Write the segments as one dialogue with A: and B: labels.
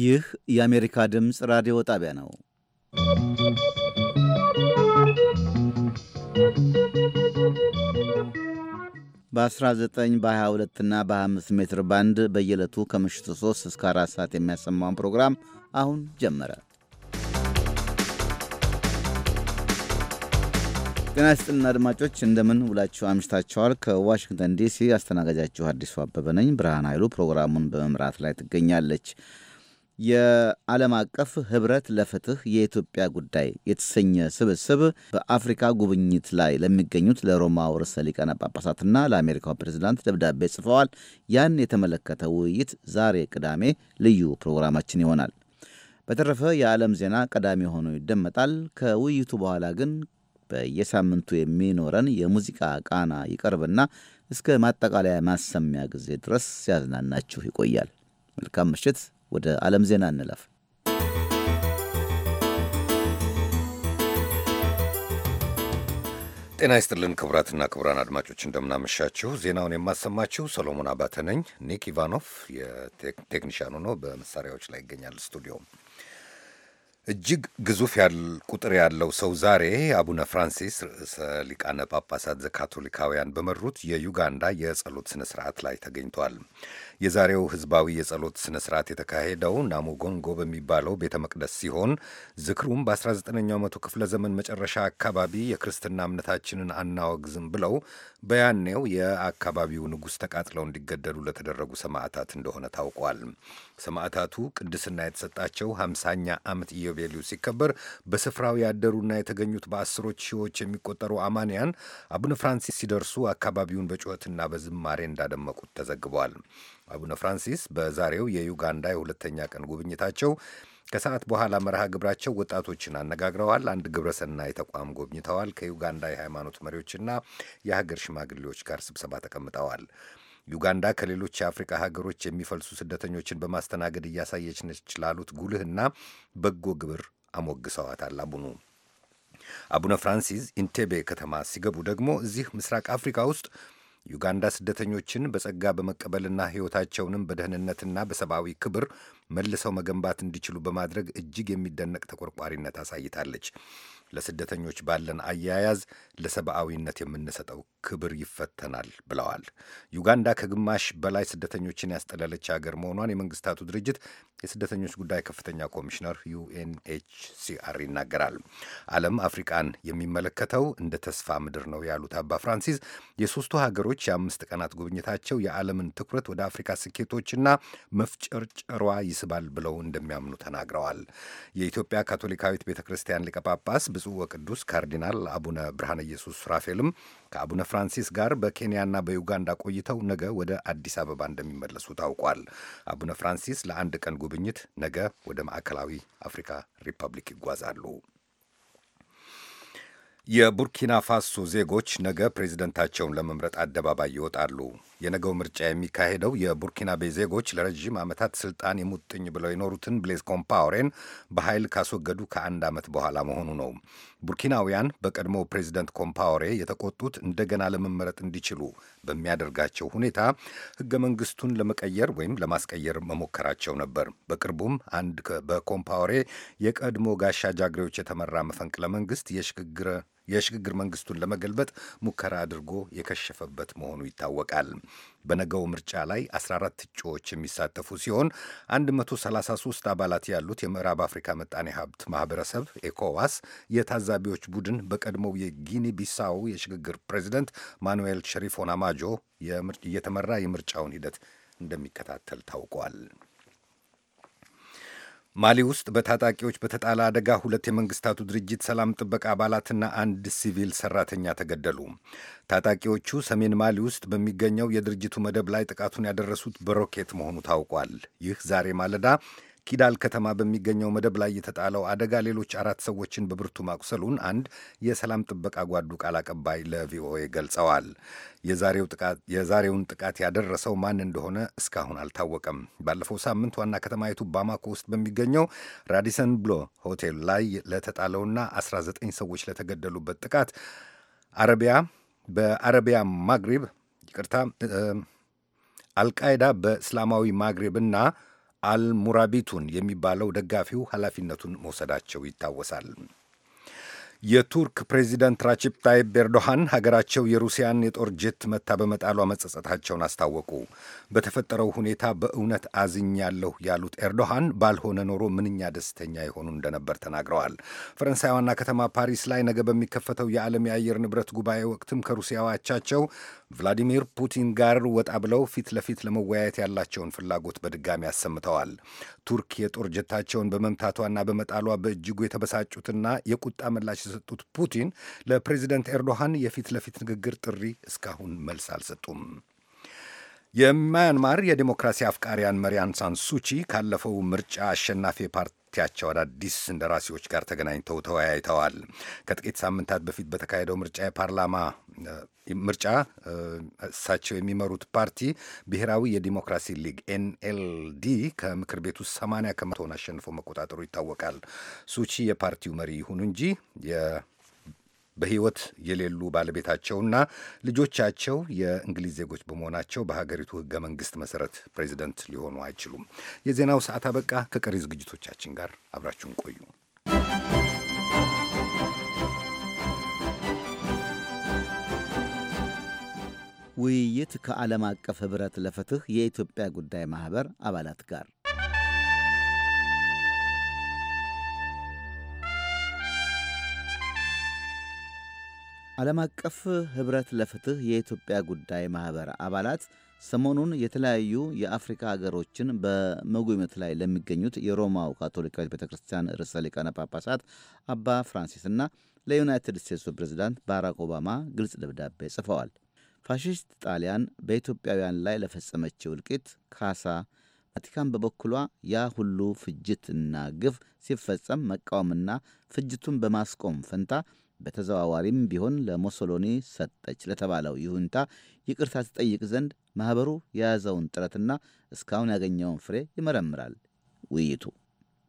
A: ይህ የአሜሪካ ድምፅ ራዲዮ ጣቢያ ነው። በ19 በ22 እና በ25 ሜትር ባንድ በየዕለቱ ከምሽቱ 3 እስከ 4 ሰዓት የሚያሰማውን ፕሮግራም አሁን ጀመረ። ጤና ይስጥልን አድማጮች፣ እንደምን ውላችሁ አምሽታችኋል። ከዋሽንግተን ዲሲ አስተናጋጃችሁ አዲሱ አበበ ነኝ። ብርሃን ኃይሉ ፕሮግራሙን በመምራት ላይ ትገኛለች። የዓለም አቀፍ ህብረት ለፍትህ የኢትዮጵያ ጉዳይ የተሰኘ ስብስብ በአፍሪካ ጉብኝት ላይ ለሚገኙት ለሮማው ርዕሰ ሊቃነ ጳጳሳትና ለአሜሪካው ፕሬዝዳንት ደብዳቤ ጽፈዋል። ያን የተመለከተ ውይይት ዛሬ ቅዳሜ ልዩ ፕሮግራማችን ይሆናል። በተረፈ የዓለም ዜና ቀዳሚ ሆኖ ይደመጣል። ከውይይቱ በኋላ ግን በየሳምንቱ የሚኖረን የሙዚቃ ቃና ይቀርብና እስከ ማጠቃለያ ማሰሚያ ጊዜ ድረስ ሲያዝናናችሁ ይቆያል። መልካም ምሽት። ወደ ዓለም ዜና እንለፍ።
B: ጤና ይስጥልን ክቡራትና ክቡራን አድማጮች እንደምናመሻችሁ። ዜናውን የማሰማችሁ ሰሎሞን አባተ ነኝ። ኒክ ኢቫኖቭ የቴክኒሻኑ ነው፣ በመሳሪያዎች ላይ ይገኛል ስቱዲዮ። እጅግ ግዙፍ ያል ቁጥር ያለው ሰው ዛሬ አቡነ ፍራንሲስ ርዕሰ ሊቃነ ጳጳሳት ዘካቶሊካውያን በመሩት የዩጋንዳ የጸሎት ስነ ስርዓት ላይ ተገኝቷል። የዛሬው ህዝባዊ የጸሎት ስነ ስርዓት የተካሄደው ናሙጎንጎ በሚባለው ቤተ መቅደስ ሲሆን ዝክሩም በ19ኛው መቶ ክፍለ ዘመን መጨረሻ አካባቢ የክርስትና እምነታችንን አናወግዝም ብለው በያኔው የአካባቢው ንጉሥ ተቃጥለው እንዲገደሉ ለተደረጉ ሰማዕታት እንደሆነ ታውቋል። ሰማዕታቱ ቅድስና የተሰጣቸው ሃምሳኛ ዓመት ኢዮቤልዩ ሲከበር በስፍራው ያደሩና የተገኙት በአስሮች ሺዎች የሚቆጠሩ አማንያን አቡነ ፍራንሲስ ሲደርሱ አካባቢውን በጩኸትና በዝማሬ እንዳደመቁት ተዘግቧል። አቡነ ፍራንሲስ በዛሬው የዩጋንዳ የሁለተኛ ቀን ጉብኝታቸው ከሰዓት በኋላ መርሃ ግብራቸው ወጣቶችን አነጋግረዋል። አንድ ግብረሰናይ ተቋም ጎብኝተዋል። ከዩጋንዳ የሃይማኖት መሪዎችና የሀገር ሽማግሌዎች ጋር ስብሰባ ተቀምጠዋል። ዩጋንዳ ከሌሎች የአፍሪካ ሀገሮች የሚፈልሱ ስደተኞችን በማስተናገድ እያሳየች ነች ላሉት ጉልህና በጎ ግብር አሞግሰዋታል። አቡኑ አቡነ ፍራንሲስ ኢንቴቤ ከተማ ሲገቡ ደግሞ እዚህ ምስራቅ አፍሪካ ውስጥ ዩጋንዳ ስደተኞችን በጸጋ በመቀበልና ሕይወታቸውንም በደህንነትና በሰብአዊ ክብር መልሰው መገንባት እንዲችሉ በማድረግ እጅግ የሚደነቅ ተቆርቋሪነት አሳይታለች። ለስደተኞች ባለን አያያዝ ለሰብአዊነት የምንሰጠው ክብር ይፈተናል ብለዋል። ዩጋንዳ ከግማሽ በላይ ስደተኞችን ያስጠለለች ሀገር መሆኗን የመንግስታቱ ድርጅት የስደተኞች ጉዳይ ከፍተኛ ኮሚሽነር ዩኤንኤችሲአር ይናገራል። ዓለም አፍሪቃን የሚመለከተው እንደ ተስፋ ምድር ነው ያሉት አባ ፍራንሲስ የሦስቱ ሀገሮች የአምስት ቀናት ጉብኝታቸው የዓለምን ትኩረት ወደ አፍሪካ ስኬቶችና መፍጨርጨሯ ይስባል ብለው እንደሚያምኑ ተናግረዋል። የኢትዮጵያ ካቶሊካዊት ቤተ ክርስቲያን ሊቀ ጳጳስ ብፁዕ ወቅዱስ ካርዲናል አቡነ ብርሃነ ኢየሱስ ራፌልም ከአቡነ ፍራንሲስ ጋር በኬንያና በዩጋንዳ ቆይተው ነገ ወደ አዲስ አበባ እንደሚመለሱ ታውቋል። አቡነ ፍራንሲስ ለአንድ ቀን ጉብኝት ነገ ወደ ማዕከላዊ አፍሪካ ሪፐብሊክ ይጓዛሉ። የቡርኪና ፋሶ ዜጎች ነገ ፕሬዚደንታቸውን ለመምረጥ አደባባይ ይወጣሉ። የነገው ምርጫ የሚካሄደው የቡርኪናቤ ዜጎች ለረዥም ዓመታት ስልጣን የሙጥኝ ብለው የኖሩትን ብሌዝ ኮምፓውሬን በኃይል ካስወገዱ ከአንድ ዓመት በኋላ መሆኑ ነው። ቡርኪናውያን በቀድሞ ፕሬዚደንት ኮምፓውሬ የተቆጡት እንደገና ለመመረጥ እንዲችሉ በሚያደርጋቸው ሁኔታ ሕገ መንግሥቱን ለመቀየር ወይም ለማስቀየር መሞከራቸው ነበር። በቅርቡም አንድ በኮምፓውሬ የቀድሞ ጋሻ ጃግሬዎች የተመራ መፈንቅለ መንግሥት የሽግግር የሽግግር መንግስቱን ለመገልበጥ ሙከራ አድርጎ የከሸፈበት መሆኑ ይታወቃል። በነገው ምርጫ ላይ 14 እጩዎች የሚሳተፉ ሲሆን 133 አባላት ያሉት የምዕራብ አፍሪካ መጣኔ ሀብት ማህበረሰብ ኤኮዋስ የታዛቢዎች ቡድን በቀድሞው የጊኒ ቢሳው የሽግግር ፕሬዚደንት ማኑኤል ሸሪፎን አማጆ እየተመራ የምርጫውን ሂደት እንደሚከታተል ታውቋል። ማሊ ውስጥ በታጣቂዎች በተጣለ አደጋ ሁለት የመንግስታቱ ድርጅት ሰላም ጥበቃ አባላትና አንድ ሲቪል ሰራተኛ ተገደሉ። ታጣቂዎቹ ሰሜን ማሊ ውስጥ በሚገኘው የድርጅቱ መደብ ላይ ጥቃቱን ያደረሱት በሮኬት መሆኑ ታውቋል። ይህ ዛሬ ማለዳ ኪዳል ከተማ በሚገኘው መደብ ላይ የተጣለው አደጋ ሌሎች አራት ሰዎችን በብርቱ ማቁሰሉን አንድ የሰላም ጥበቃ ጓዱ ቃል አቀባይ ለቪኦኤ ገልጸዋል። የዛሬውን ጥቃት ያደረሰው ማን እንደሆነ እስካሁን አልታወቀም። ባለፈው ሳምንት ዋና ከተማይቱ ባማኮ ውስጥ በሚገኘው ራዲሰን ብሎ ሆቴል ላይ ለተጣለውና 19 ሰዎች ለተገደሉበት ጥቃት አረቢያ በአረቢያ ማግሪብ ይቅርታ አልቃይዳ በእስላማዊ ማግሪብና አልሙራቢቱን የሚባለው ደጋፊው ኃላፊነቱን መውሰዳቸው ይታወሳል። የቱርክ ፕሬዚደንት ራጀፕ ታይፕ ኤርዶሃን ሀገራቸው የሩሲያን የጦር ጄት መታ በመጣሏ መጸጸታቸውን አስታወቁ። በተፈጠረው ሁኔታ በእውነት አዝኛለሁ ያሉት ኤርዶሃን ባልሆነ ኖሮ ምንኛ ደስተኛ የሆኑ እንደነበር ተናግረዋል። ፈረንሳይ ዋና ከተማ ፓሪስ ላይ ነገ በሚከፈተው የዓለም የአየር ንብረት ጉባኤ ወቅትም ከሩሲያው አቻቸው ቭላዲሚር ፑቲን ጋር ወጣ ብለው ፊት ለፊት ለመወያየት ያላቸውን ፍላጎት በድጋሚ አሰምተዋል። ቱርክ የጦር ጀታቸውን በመምታቷና በመጣሏ በእጅጉ የተበሳጩትና የቁጣ ምላሽ የሰጡት ፑቲን ለፕሬዚደንት ኤርዶሃን የፊት ለፊት ንግግር ጥሪ እስካሁን መልስ አልሰጡም። የማያንማር የዲሞክራሲ አፍቃሪያን መሪ አንሳን ሱቺ ካለፈው ምርጫ አሸናፊ ፓርቲያቸው አዳዲስ እንደራሴዎች ጋር ተገናኝተው ተወያይተዋል። ከጥቂት ሳምንታት በፊት በተካሄደው ምርጫ የፓርላማ ምርጫ እሳቸው የሚመሩት ፓርቲ ብሔራዊ የዲሞክራሲ ሊግ ኤንኤልዲ ከምክር ቤቱ 80 ከመቶውን አሸንፎ መቆጣጠሩ ይታወቃል። ሱቺ የፓርቲው መሪ ይሁኑ እንጂ በሕይወት የሌሉ ባለቤታቸውና ልጆቻቸው የእንግሊዝ ዜጎች በመሆናቸው በሀገሪቱ ሕገ መንግሥት መሠረት ፕሬዚደንት ሊሆኑ አይችሉም። የዜናው ሰዓት አበቃ። ከቀሪ ዝግጅቶቻችን ጋር አብራችሁን ቆዩ።
A: ውይይት ከዓለም አቀፍ ኅብረት ለፍትሕ የኢትዮጵያ ጉዳይ ማኅበር አባላት ጋር ዓለም አቀፍ ኅብረት ለፍትሕ የኢትዮጵያ ጉዳይ ማኅበር አባላት ሰሞኑን የተለያዩ የአፍሪካ አገሮችን በመጎብኘት ላይ ለሚገኙት የሮማው ካቶሊካዊት ቤተ ክርስቲያን ርዕሰ ሊቃነ ጳጳሳት አባ ፍራንሲስና ለዩናይትድ ስቴትሱ ፕሬዚዳንት ባራክ ኦባማ ግልጽ ደብዳቤ ጽፈዋል። ፋሽስት ጣሊያን በኢትዮጵያውያን ላይ ለፈጸመችው እልቂት ካሳ ቫቲካን በበኩሏ ያ ሁሉ ፍጅትና ግፍ ሲፈጸም መቃወምና ፍጅቱን በማስቆም ፈንታ በተዘዋዋሪም ቢሆን ለሞሶሎኒ ሰጠች ለተባለው ይሁንታ ይቅርታ ትጠይቅ ዘንድ ማኅበሩ የያዘውን ጥረትና እስካሁን ያገኘውን ፍሬ ይመረምራል ውይይቱ።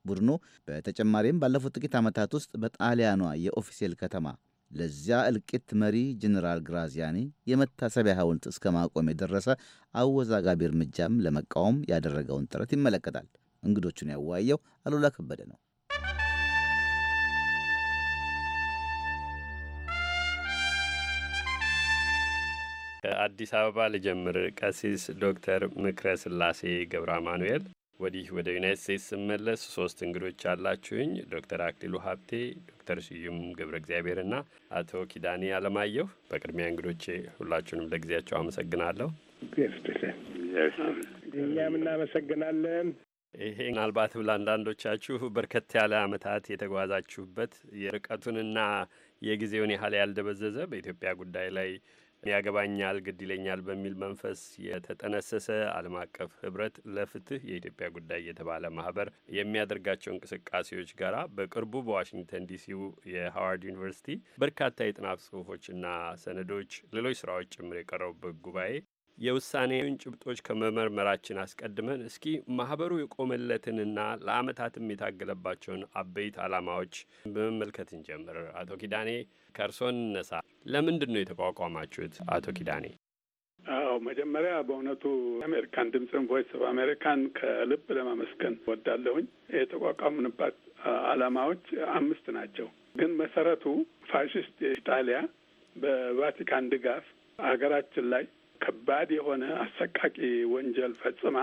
A: ቡድኑ በተጨማሪም ባለፉት ጥቂት ዓመታት ውስጥ በጣሊያኗ የኦፊሴል ከተማ ለዚያ እልቂት መሪ ጀኔራል ግራዚያኒ የመታሰቢያ ሐውልት እስከ ማቆም የደረሰ አወዛጋቢ እርምጃም ለመቃወም ያደረገውን ጥረት ይመለከታል። እንግዶቹን ያወያየው አሉላ ከበደ ነው።
C: ከአዲስ አበባ ልጀምር። ቀሲስ ዶክተር ምክረ ስላሴ ገብረ አማኑኤል ወዲህ ወደ ዩናይት ስቴትስ ስመለስ ሶስት እንግዶች አላችሁኝ። ዶክተር አክሊሉ ሀብቴ፣ ዶክተር ስዩም ገብረ እግዚአብሔር እና አቶ ኪዳኔ አለማየሁ። በቅድሚያ እንግዶቼ ሁላችሁንም ለጊዜያቸው አመሰግናለሁ።
D: እኛም እናመሰግናለን።
C: ይሄ ምናልባት ለአንዳንዶቻችሁ በርከት ያለ ዓመታት የተጓዛችሁበት የርቀቱንና የጊዜውን ያህል ያልደበዘዘ በኢትዮጵያ ጉዳይ ላይ ያገባኛል ግድ ይለኛል በሚል መንፈስ የተጠነሰሰ ዓለም አቀፍ ህብረት ለፍትህ የኢትዮጵያ ጉዳይ የተባለ ማህበር የሚያደርጋቸው እንቅስቃሴዎች ጋር በቅርቡ በዋሽንግተን ዲሲው የሃዋርድ ዩኒቨርሲቲ በርካታ የጥናት ጽሁፎችና ሰነዶች፣ ሌሎች ስራዎች ጭምር የቀረቡበት ጉባኤ የውሳኔውን ጭብጦች ከመመርመራችን አስቀድመን እስኪ ማህበሩ የቆመለትንና ለአመታትም የታገለባቸውን አበይት ዓላማዎች በመመልከት እንጀምር። አቶ ኪዳኔ ከእርሶን እነሳ። ለምንድን ነው የተቋቋማችሁት? አቶ ኪዳኔ
E: አዎ፣ መጀመሪያ በእውነቱ አሜሪካን ድምፅን ቮይስ ኦፍ አሜሪካን ከልብ ለማመስገን ወዳለሁኝ። የተቋቋምንባት ዓላማዎች አምስት ናቸው። ግን መሰረቱ ፋሽስት የኢጣሊያ በቫቲካን ድጋፍ ሀገራችን ላይ ከባድ የሆነ አሰቃቂ ወንጀል ፈጽማ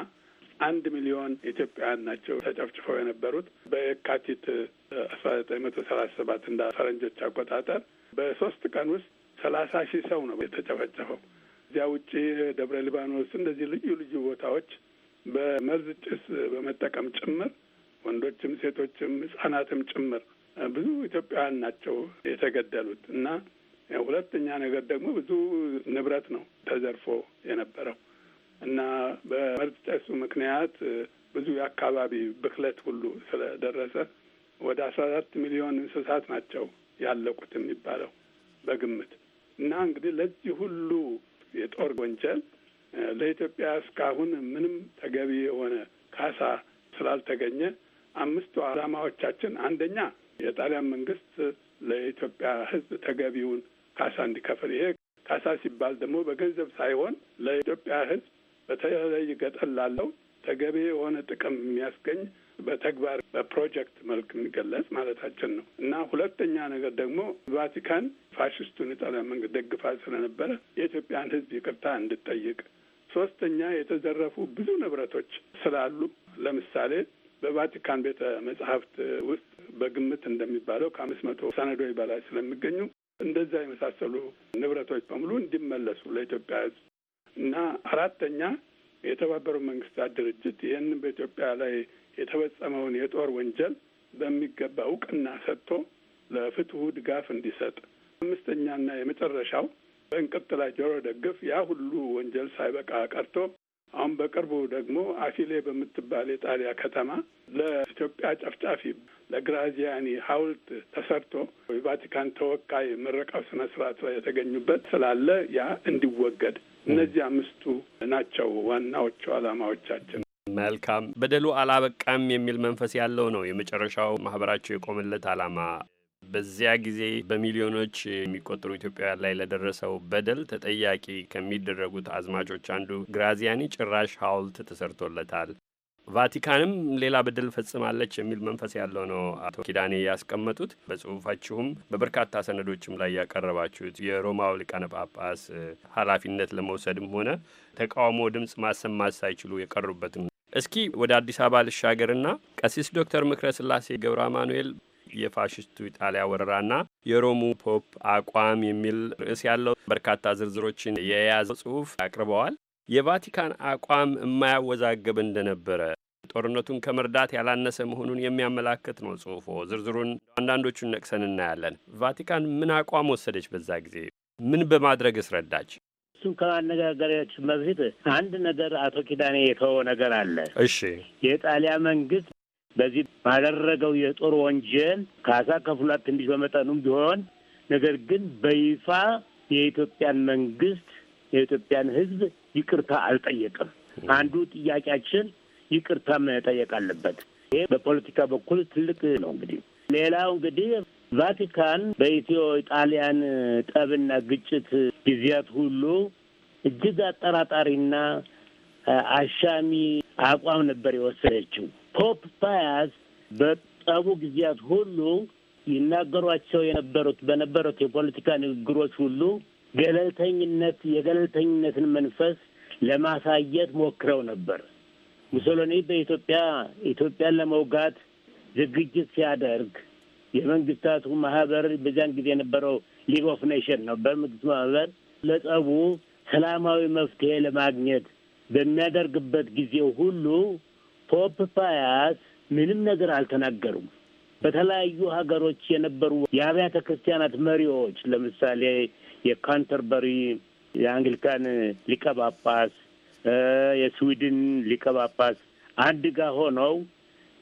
E: አንድ ሚሊዮን ኢትዮጵያውያን ናቸው ተጨፍጭፈው የነበሩት በየካቲት አስራ ዘጠኝ መቶ ሰላሳ ሰባት እንደ ፈረንጆች አቆጣጠር በሶስት ቀን ውስጥ ሰላሳ ሺህ ሰው ነው የተጨፈጨፈው። እዚያ ውጪ ደብረ ሊባኖስ፣ እንደዚህ ልዩ ልዩ ቦታዎች በመርዝ ጭስ በመጠቀም ጭምር ወንዶችም ሴቶችም ህጻናትም ጭምር ብዙ ኢትዮጵያውያን ናቸው የተገደሉት እና ሁለተኛ ነገር ደግሞ ብዙ ንብረት ነው ተዘርፎ የነበረው እና በመርዝ ጭሱ ምክንያት ብዙ የአካባቢ ብክለት ሁሉ ስለደረሰ ወደ አስራ አራት ሚሊዮን እንስሳት ናቸው ያለቁት የሚባለው በግምት እና እንግዲህ ለዚህ ሁሉ የጦር ወንጀል ለኢትዮጵያ እስካሁን ምንም ተገቢ የሆነ ካሳ ስላልተገኘ አምስቱ ዓላማዎቻችን አንደኛ የጣሊያን መንግስት ለኢትዮጵያ ሕዝብ ተገቢውን ካሳ እንዲከፍል ይሄ ካሳ ሲባል ደግሞ በገንዘብ ሳይሆን ለኢትዮጵያ ሕዝብ በተለይ ገጠር ላለው ተገቢ የሆነ ጥቅም የሚያስገኝ በተግባር በፕሮጀክት መልክ የሚገለጽ ማለታችን ነው እና ሁለተኛ ነገር ደግሞ ቫቲካን ፋሽስቱን የጣሊያን መንግስት ደግፋ ስለነበረ የኢትዮጵያን ሕዝብ ይቅርታ እንድጠይቅ፣ ሶስተኛ የተዘረፉ ብዙ ንብረቶች ስላሉ ለምሳሌ በቫቲካን ቤተ መጽሐፍት ውስጥ በግምት እንደሚባለው ከአምስት መቶ ሰነዶች በላይ ስለሚገኙ እንደዛ የመሳሰሉ ንብረቶች በሙሉ እንዲመለሱ ለኢትዮጵያ ሕዝብ እና አራተኛ የተባበሩት መንግስታት ድርጅት ይህንን በኢትዮጵያ ላይ የተፈጸመውን የጦር ወንጀል በሚገባ እውቅና ሰጥቶ ለፍትሁ ድጋፍ እንዲሰጥ። አምስተኛና የመጨረሻው በእንቅርት ላይ ጆሮ ደግፍ ያ ሁሉ ወንጀል ሳይበቃ ቀርቶ አሁን በቅርቡ ደግሞ አፊሌ በምትባል የጣሊያ ከተማ ለኢትዮጵያ ጨፍጫፊ ለግራዚያኒ ሐውልት ተሰርቶ የቫቲካን ተወካይ ምረቃው ስነ ስርዓት ላይ የተገኙበት ስላለ ያ እንዲወገድ እነዚህ አምስቱ ናቸው ዋናዎቹ ዓላማዎቻችን።
C: መልካም በደሉ አላበቃም የሚል መንፈስ ያለው ነው የመጨረሻው ማህበራቸው የቆመለት ዓላማ። በዚያ ጊዜ በሚሊዮኖች የሚቆጠሩ ኢትዮጵያውያን ላይ ለደረሰው በደል ተጠያቂ ከሚደረጉት አዝማቾች አንዱ ግራዚያኒ ጭራሽ ሐውልት ተሰርቶለታል። ቫቲካንም ሌላ በደል ፈጽማለች የሚል መንፈስ ያለው ነው አቶ ኪዳኔ ያስቀመጡት። በጽሁፋችሁም በበርካታ ሰነዶችም ላይ ያቀረባችሁት የሮማው ሊቃነ ጳጳስ ኃላፊነት ለመውሰድም ሆነ ተቃውሞ ድምፅ ማሰማት ሳይችሉ የቀሩበትም እስኪ ወደ አዲስ አበባ ልሻገርና ቀሲስ ዶክተር ምክረ ስላሴ ገብረ አማኑኤል የፋሽስቱ ኢጣሊያ ወረራና የሮሙ ፖፕ አቋም የሚል ርዕስ ያለው በርካታ ዝርዝሮችን የያዘ ጽሁፍ አቅርበዋል። የቫቲካን አቋም የማያወዛገብ እንደነበረ ጦርነቱን ከመርዳት ያላነሰ መሆኑን የሚያመላክት ነው ጽሁፎ። ዝርዝሩን አንዳንዶቹን ነቅሰን እናያለን። ቫቲካን ምን አቋም ወሰደች? በዛ ጊዜ ምን በማድረግ እስረዳች?
F: እሱን ከማነጋገሪያችን በፊት አንድ ነገር አቶ ኪዳኔ የተወ ነገር አለ። እሺ፣ የጣሊያን መንግስት በዚህ ባደረገው የጦር ወንጀል ካሳ ከፍሏት ትንሽ በመጠኑም ቢሆን ነገር ግን በይፋ የኢትዮጵያን መንግስት የኢትዮጵያን ሕዝብ ይቅርታ አልጠየቅም። አንዱ ጥያቄያችን ይቅርታ መጠየቅ አለበት። ይህ በፖለቲካ በኩል ትልቅ ነው። እንግዲህ ሌላው እንግዲህ ቫቲካን በኢትዮ ጣሊያን ጠብና ግጭት ጊዜያት ሁሉ እጅግ አጠራጣሪና አሻሚ አቋም ነበር የወሰደችው። ፖፕ ፓያስ በጠቡ ጊዜያት ሁሉ ይናገሯቸው የነበሩት በነበሩት የፖለቲካ ንግግሮች ሁሉ ገለልተኝነት የገለልተኝነትን መንፈስ ለማሳየት ሞክረው ነበር። ሙሶሎኒ በኢትዮጵያ ኢትዮጵያን ለመውጋት ዝግጅት ሲያደርግ የመንግስታቱ ማህበር በዚያን ጊዜ የነበረው ሊግ ኦፍ ኔሽን ነው። በመንግስት ማህበር ለጸቡ ሰላማዊ መፍትሄ ለማግኘት በሚያደርግበት ጊዜ ሁሉ ፖፕ ፓያስ ምንም ነገር አልተናገሩም። በተለያዩ ሀገሮች የነበሩ የአብያተ ክርስቲያናት መሪዎች ለምሳሌ የካንተርበሪ የአንግሊካን ሊቀ ጳጳስ፣ የስዊድን ሊቀ ጳጳስ አንድ ጋር ሆነው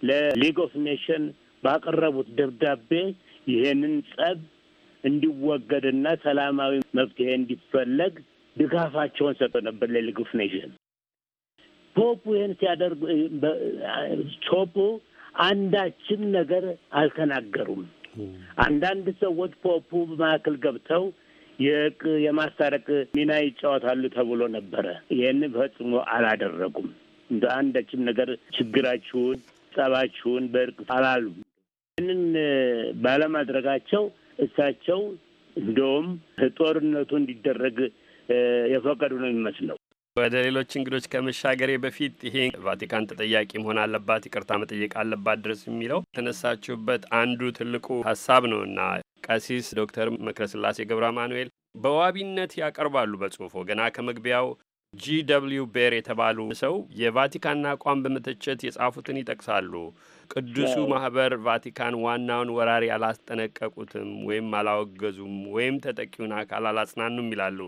F: ለሊግ ኦፍ ኔሽን ባቀረቡት ደብዳቤ ይሄንን ጸብ እንዲወገድና ሰላማዊ መፍትሄ እንዲፈለግ ድጋፋቸውን ሰጥቶ ነበር ለሊግ ኦፍ ኔሽን ፖፑ ይህን ሲያደርጉ ፖፑ አንዳችም ነገር አልተናገሩም። አንዳንድ ሰዎች ፖፑ በማዕከል ገብተው የማስታረቅ ሚና ይጫወታሉ ተብሎ ነበረ። ይህን ፈጽሞ አላደረጉም። እንደ አንዳችም ነገር ችግራችሁን፣ ጸባችሁን በእርቅ አላሉ። ይህንን ባለማድረጋቸው እሳቸው እንደውም ጦርነቱ እንዲደረግ የፈቀዱ ነው የሚመስለው።
C: ወደ ሌሎች እንግዶች ከመሻገሬ በፊት ይሄ ቫቲካን ተጠያቂ መሆን አለባት፣ ይቅርታ መጠየቅ አለባት ድረስ የሚለው የተነሳችሁበት አንዱ ትልቁ ሀሳብ ነውና ቀሲስ ዶክተር መክረስላሴ ገብረ ማኑኤል በዋቢነት ያቀርባሉ በጽሁፎ ገና ከመግቢያው ጂ ደብልዩ ቤር የተባሉ ሰው የቫቲካን አቋም በመተቸት የጻፉትን ይጠቅሳሉ። ቅዱሱ ማህበር ቫቲካን ዋናውን ወራሪ አላስጠነቀቁትም ወይም አላወገዙም ወይም ተጠቂውን አካል አላጽናኑም ይላሉ።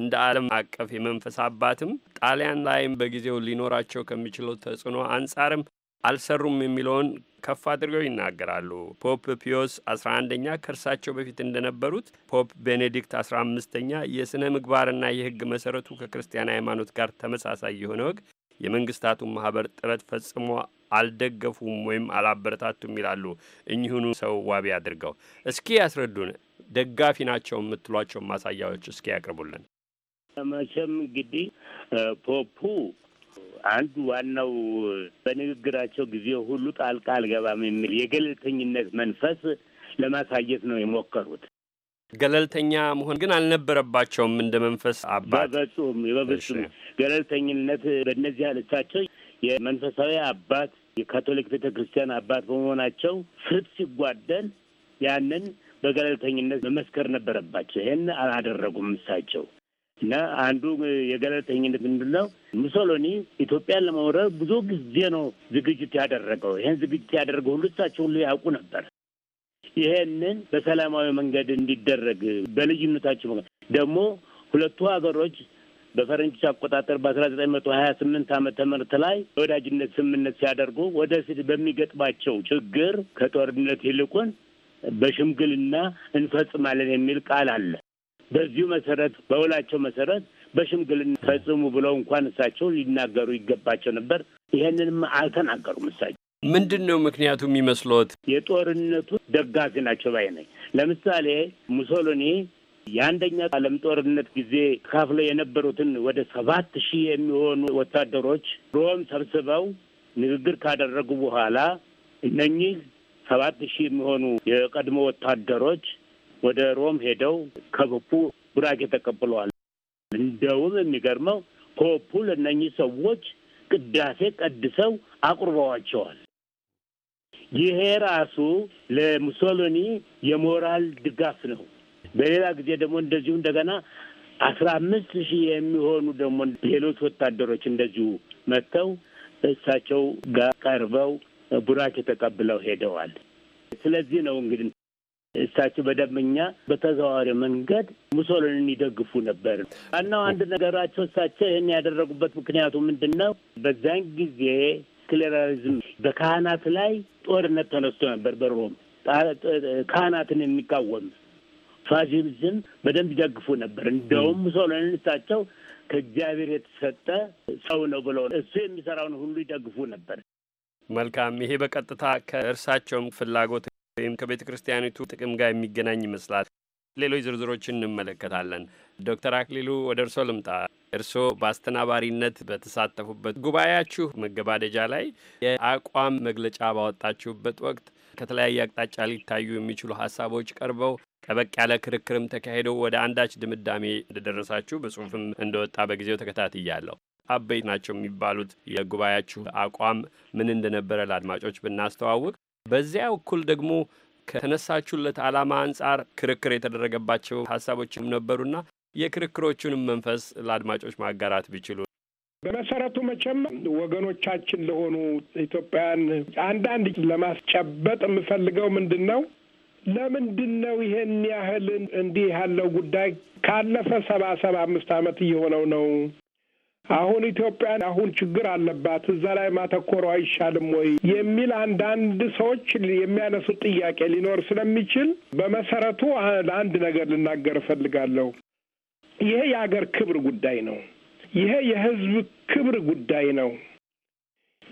C: እንደ ዓለም አቀፍ የመንፈስ አባትም ጣሊያን ላይም በጊዜው ሊኖራቸው ከሚችለው ተጽዕኖ አንጻርም አልሰሩም የሚለውን ከፍ አድርገው ይናገራሉ። ፖፕ ፒዮስ 11ኛ ከእርሳቸው በፊት እንደነበሩት ፖፕ ቤኔዲክት 15ኛ የሥነ ምግባርና የሕግ መሠረቱ ከክርስቲያን ሃይማኖት ጋር ተመሳሳይ የሆነ ወግ የመንግስታቱን ማህበር ጥረት ፈጽሞ አልደገፉም ወይም አላበረታቱም ይላሉ። እኚሁኑ ሰው ዋቢ አድርገው እስኪ ያስረዱን። ደጋፊ ናቸው የምትሏቸው ማሳያዎች እስኪ ያቅርቡልን።
F: መቼም እንግዲህ ፖፑ አንዱ ዋናው በንግግራቸው ጊዜ ሁሉ ጣልቃ አልገባም የሚል የገለልተኝነት መንፈስ ለማሳየት ነው የሞከሩት።
C: ገለልተኛ መሆን ግን አልነበረባቸውም። እንደ መንፈስ አባት በፍጹም በፍጹም
F: ገለልተኝነት በእነዚህ አለቻቸው። የመንፈሳዊ አባት የካቶሊክ ቤተ ክርስቲያን አባት በመሆናቸው ፍትህ ሲጓደል ያንን በገለልተኝነት መመስከር ነበረባቸው። ይህን አላደረጉም እሳቸው። እና አንዱ የገለልተኝነት ምንድን ነው? ሙሶሎኒ ኢትዮጵያን ለመውረር ብዙ ጊዜ ነው ዝግጅት ያደረገው። ይህን ዝግጅት ያደረገው ሁሉ እሳቸው ሁሉ ያውቁ ነበር። ይሄንን በሰላማዊ መንገድ እንዲደረግ በልዩነታቸው መ ደግሞ ሁለቱ ሀገሮች በፈረንጆች አቆጣጠር በአስራ ዘጠኝ መቶ ሀያ ስምንት ዓመተ ምህረት ላይ የወዳጅነት ስምምነት ሲያደርጉ ወደፊት በሚገጥማቸው ችግር ከጦርነት ይልቁን በሽምግልና እንፈጽማለን የሚል ቃል አለ። በዚሁ መሰረት በውላቸው መሰረት በሽምግልና ፈጽሙ ብለው እንኳን እሳቸው ሊናገሩ ይገባቸው ነበር። ይህንንም አልተናገሩም። እሳቸው
C: ምንድን ነው ምክንያቱ የሚመስሎት? የጦርነቱ ደጋፊ ናቸው ባይ ነኝ። ለምሳሌ
F: ሙሶሎኒ የአንደኛ ዓለም ጦርነት ጊዜ ካፍለው የነበሩትን ወደ ሰባት ሺህ የሚሆኑ ወታደሮች ሮም ሰብስበው ንግግር ካደረጉ በኋላ እነኚህ ሰባት ሺህ የሚሆኑ የቀድሞ ወታደሮች ወደ ሮም ሄደው ከፖፑ ቡራኬ ተቀብለዋል። እንደውም የሚገርመው ፖፑ ለእነኚህ ሰዎች ቅዳሴ ቀድሰው አቁርበዋቸዋል። ይሄ ራሱ ለሙሶሎኒ የሞራል ድጋፍ ነው። በሌላ ጊዜ ደግሞ እንደዚሁ እንደገና አስራ አምስት ሺህ የሚሆኑ ደግሞ ሌሎች ወታደሮች እንደዚሁ መጥተው እሳቸው ጋር ቀርበው ቡራኬ ተቀብለው ሄደዋል። ስለዚህ ነው እንግዲህ እሳቸው በደምኛ በተዘዋዋሪ መንገድ ሙሶሎኒን ይደግፉ ነበር። ዋናው አንድ ነገራቸው እሳቸው ይህን ያደረጉበት ምክንያቱ ምንድን ነው? በዛን ጊዜ ክሌራሊዝም በካህናት ላይ ጦርነት ተነስቶ ነበር። በሮም ካህናትን የሚቃወም ፋሺዝም በደንብ ይደግፉ ነበር። እንደውም ሙሶሎኒን እሳቸው ከእግዚአብሔር የተሰጠ ሰው ነው ብለው እሱ የሚሰራውን ሁሉ ይደግፉ ነበር።
C: መልካም። ይሄ በቀጥታ ከእርሳቸውም ፍላጎት ወይም ከቤተ ክርስቲያኒቱ ጥቅም ጋር የሚገናኝ ይመስላል። ሌሎች ዝርዝሮችን እንመለከታለን። ዶክተር አክሊሉ ወደ እርሶ ልምጣ። እርስዎ በአስተናባሪነት በተሳተፉበት ጉባኤያችሁ መገባደጃ ላይ የአቋም መግለጫ ባወጣችሁበት ወቅት ከተለያየ አቅጣጫ ሊታዩ የሚችሉ ሀሳቦች ቀርበው ጠበቅ ያለ ክርክርም ተካሂደው ወደ አንዳች ድምዳሜ እንደደረሳችሁ በጽሁፍም እንደወጣ በጊዜው ተከታትያለሁ። አበይት ናቸው የሚባሉት የጉባኤያችሁ አቋም ምን እንደነበረ ለአድማጮች ብናስተዋውቅ በዚያ እኩል ደግሞ ከተነሳችሁለት ዓላማ አንጻር ክርክር የተደረገባቸው ሀሳቦችም ነበሩና የክርክሮቹንም መንፈስ ለአድማጮች ማጋራት ቢችሉ።
D: በመሰረቱ መቼም ወገኖቻችን ለሆኑ ኢትዮጵያውያን አንዳንድ ለማስጨበጥ የምፈልገው ምንድን ነው ለምንድን ነው ይሄን ያህል እንዲህ ያለው ጉዳይ ካለፈ ሰባ ሰባ አምስት ዓመት እየሆነው ነው አሁን ኢትዮጵያ አሁን ችግር አለባት፣ እዛ ላይ ማተኮሩ አይሻልም ወይ የሚል አንዳንድ ሰዎች የሚያነሱት ጥያቄ ሊኖር ስለሚችል በመሰረቱ ለአንድ ነገር ልናገር እፈልጋለሁ። ይሄ የሀገር ክብር ጉዳይ ነው። ይሄ የህዝብ ክብር ጉዳይ ነው።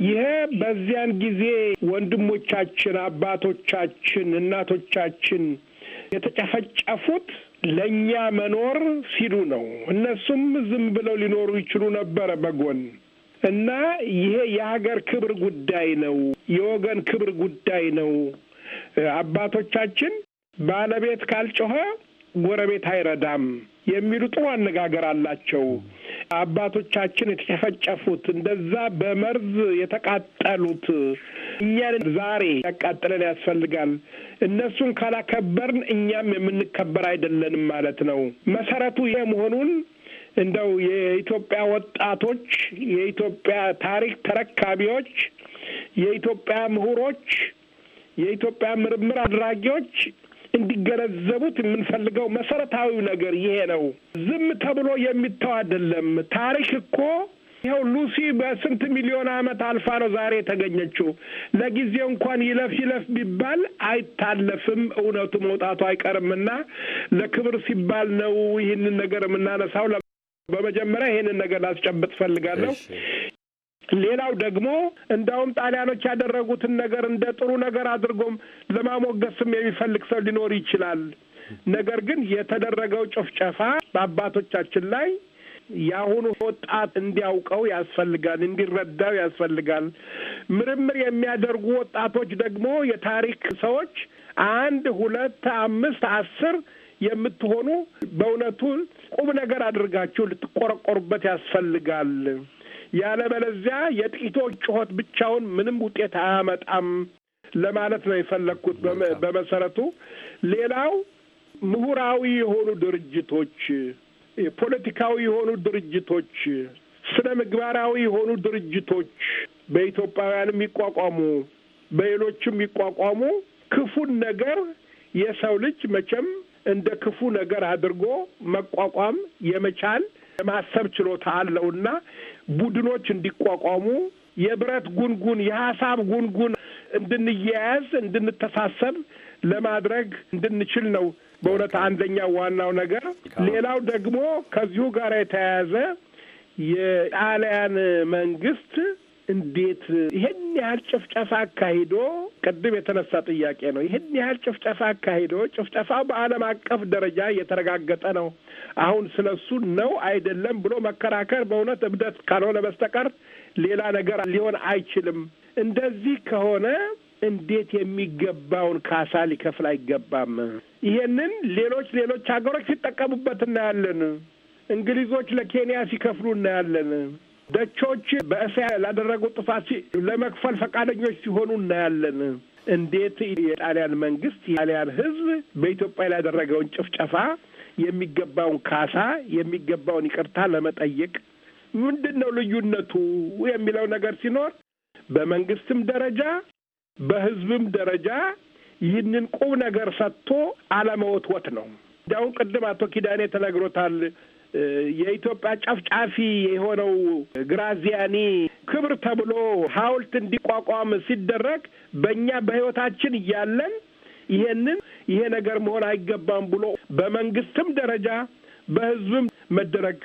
D: ይሄ በዚያን ጊዜ ወንድሞቻችን፣ አባቶቻችን፣ እናቶቻችን የተጨፈጨፉት ለእኛ መኖር ሲሉ ነው። እነሱም ዝም ብለው ሊኖሩ ይችሉ ነበረ በጎን እና ይሄ የሀገር ክብር ጉዳይ ነው፣ የወገን ክብር ጉዳይ ነው። አባቶቻችን ባለቤት ካልጮኸ ጎረቤት አይረዳም የሚሉ ጥሩ አነጋገር አላቸው። አባቶቻችን የተጨፈጨፉት እንደዛ በመርዝ የተቃጠሉት እኛን ዛሬ ያቃጥለን ያስፈልጋል። እነሱን ካላከበርን እኛም የምንከበር አይደለንም ማለት ነው። መሰረቱ የመሆኑን እንደው የኢትዮጵያ ወጣቶች፣ የኢትዮጵያ ታሪክ ተረካቢዎች፣ የኢትዮጵያ ምሁሮች፣ የኢትዮጵያ ምርምር አድራጊዎች እንዲገነዘቡት የምንፈልገው መሰረታዊው ነገር ይሄ ነው። ዝም ተብሎ የሚተው አይደለም። ታሪክ እኮ ይኸው ሉሲ በስንት ሚሊዮን ዓመት አልፋ ነው ዛሬ የተገኘችው። ለጊዜው እንኳን ይለፍ ይለፍ ቢባል አይታለፍም፣ እውነቱ መውጣቱ አይቀርምና ለክብር ሲባል ነው ይህንን ነገር የምናነሳው። በመጀመሪያ ይህንን ነገር ላስጨብጥ ፈልጋለሁ። ሌላው ደግሞ እንዳውም ጣሊያኖች ያደረጉትን ነገር እንደ ጥሩ ነገር አድርጎም ለማሞገስም የሚፈልግ ሰው ሊኖር ይችላል። ነገር ግን የተደረገው ጭፍጨፋ በአባቶቻችን ላይ የአሁኑ ወጣት እንዲያውቀው ያስፈልጋል፣ እንዲረዳው ያስፈልጋል። ምርምር የሚያደርጉ ወጣቶች ደግሞ የታሪክ ሰዎች አንድ ሁለት አምስት አስር የምትሆኑ በእውነቱ ቁም ነገር አድርጋችሁ ልትቆረቆሩበት ያስፈልጋል። ያለበለዚያ የጥቂቶች ጩኸት ብቻውን ምንም ውጤት አያመጣም ለማለት ነው የፈለግኩት። በመሰረቱ ሌላው ምሁራዊ የሆኑ ድርጅቶች፣ ፖለቲካዊ የሆኑ ድርጅቶች፣ ስነ ምግባራዊ የሆኑ ድርጅቶች በኢትዮጵያውያን የሚቋቋሙ በሌሎችም የሚቋቋሙ ክፉን ነገር የሰው ልጅ መቼም እንደ ክፉ ነገር አድርጎ መቋቋም የመቻል የማሰብ ችሎታ አለውና ቡድኖች እንዲቋቋሙ የብረት ጉንጉን የሀሳብ ጉንጉን እንድንያያዝ እንድንተሳሰብ ለማድረግ እንድንችል ነው። በእውነት አንደኛው ዋናው ነገር። ሌላው ደግሞ ከዚሁ ጋር የተያያዘ የጣሊያን መንግስት እንዴት ይሄን ያህል ጭፍጨፋ አካሂዶ ቅድም የተነሳ ጥያቄ ነው። ይህን ያህል ጭፍጨፋ አካሂዶ ጭፍጨፋ በዓለም አቀፍ ደረጃ እየተረጋገጠ ነው። አሁን ስለ እሱ ነው አይደለም ብሎ መከራከር በእውነት እብደት ካልሆነ በስተቀር ሌላ ነገር ሊሆን አይችልም። እንደዚህ ከሆነ እንዴት የሚገባውን ካሳ ሊከፍል አይገባም? ይሄንን ሌሎች ሌሎች ሀገሮች ሲጠቀሙበት እናያለን። እንግሊዞች ለኬንያ ሲከፍሉ እናያለን። ደቾች በእስያ ላደረጉ ጥፋት ለመክፈል ፈቃደኞች ሲሆኑ እናያለን። እንዴት የጣሊያን መንግስት የጣሊያን ህዝብ በኢትዮጵያ ላይ ያደረገውን ጭፍጨፋ የሚገባውን ካሳ የሚገባውን ይቅርታ ለመጠየቅ ምንድን ነው ልዩነቱ የሚለው ነገር ሲኖር በመንግስትም ደረጃ በህዝብም ደረጃ ይህንን ቁም ነገር ሰጥቶ አለመወትወት ነው። እንዲያውም ቅድም አቶ ኪዳኔ ተነግሮታል። የኢትዮጵያ ጨፍጫፊ የሆነው ግራዚያኒ ክብር ተብሎ ሐውልት እንዲቋቋም ሲደረግ በእኛ በሕይወታችን እያለን ይሄንን ይሄ ነገር መሆን አይገባም ብሎ በመንግስትም ደረጃ በህዝብም መደረግ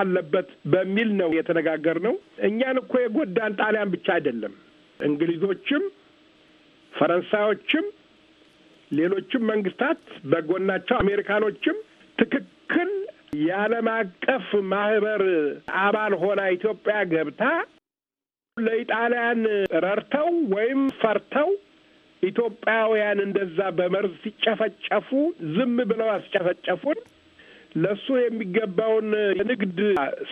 D: አለበት በሚል ነው የተነጋገር ነው። እኛን እኮ የጎዳን ጣሊያን ብቻ አይደለም፣ እንግሊዞችም፣ ፈረንሳዮችም፣ ሌሎችም መንግስታት በጎናቸው አሜሪካኖችም ትክክል የዓለም አቀፍ ማህበር አባል ሆና ኢትዮጵያ ገብታ ለኢጣሊያን ረርተው ወይም ፈርተው ኢትዮጵያውያን እንደዛ በመርዝ ሲጨፈጨፉ ዝም ብለው አስጨፈጨፉን። ለእሱ የሚገባውን ንግድ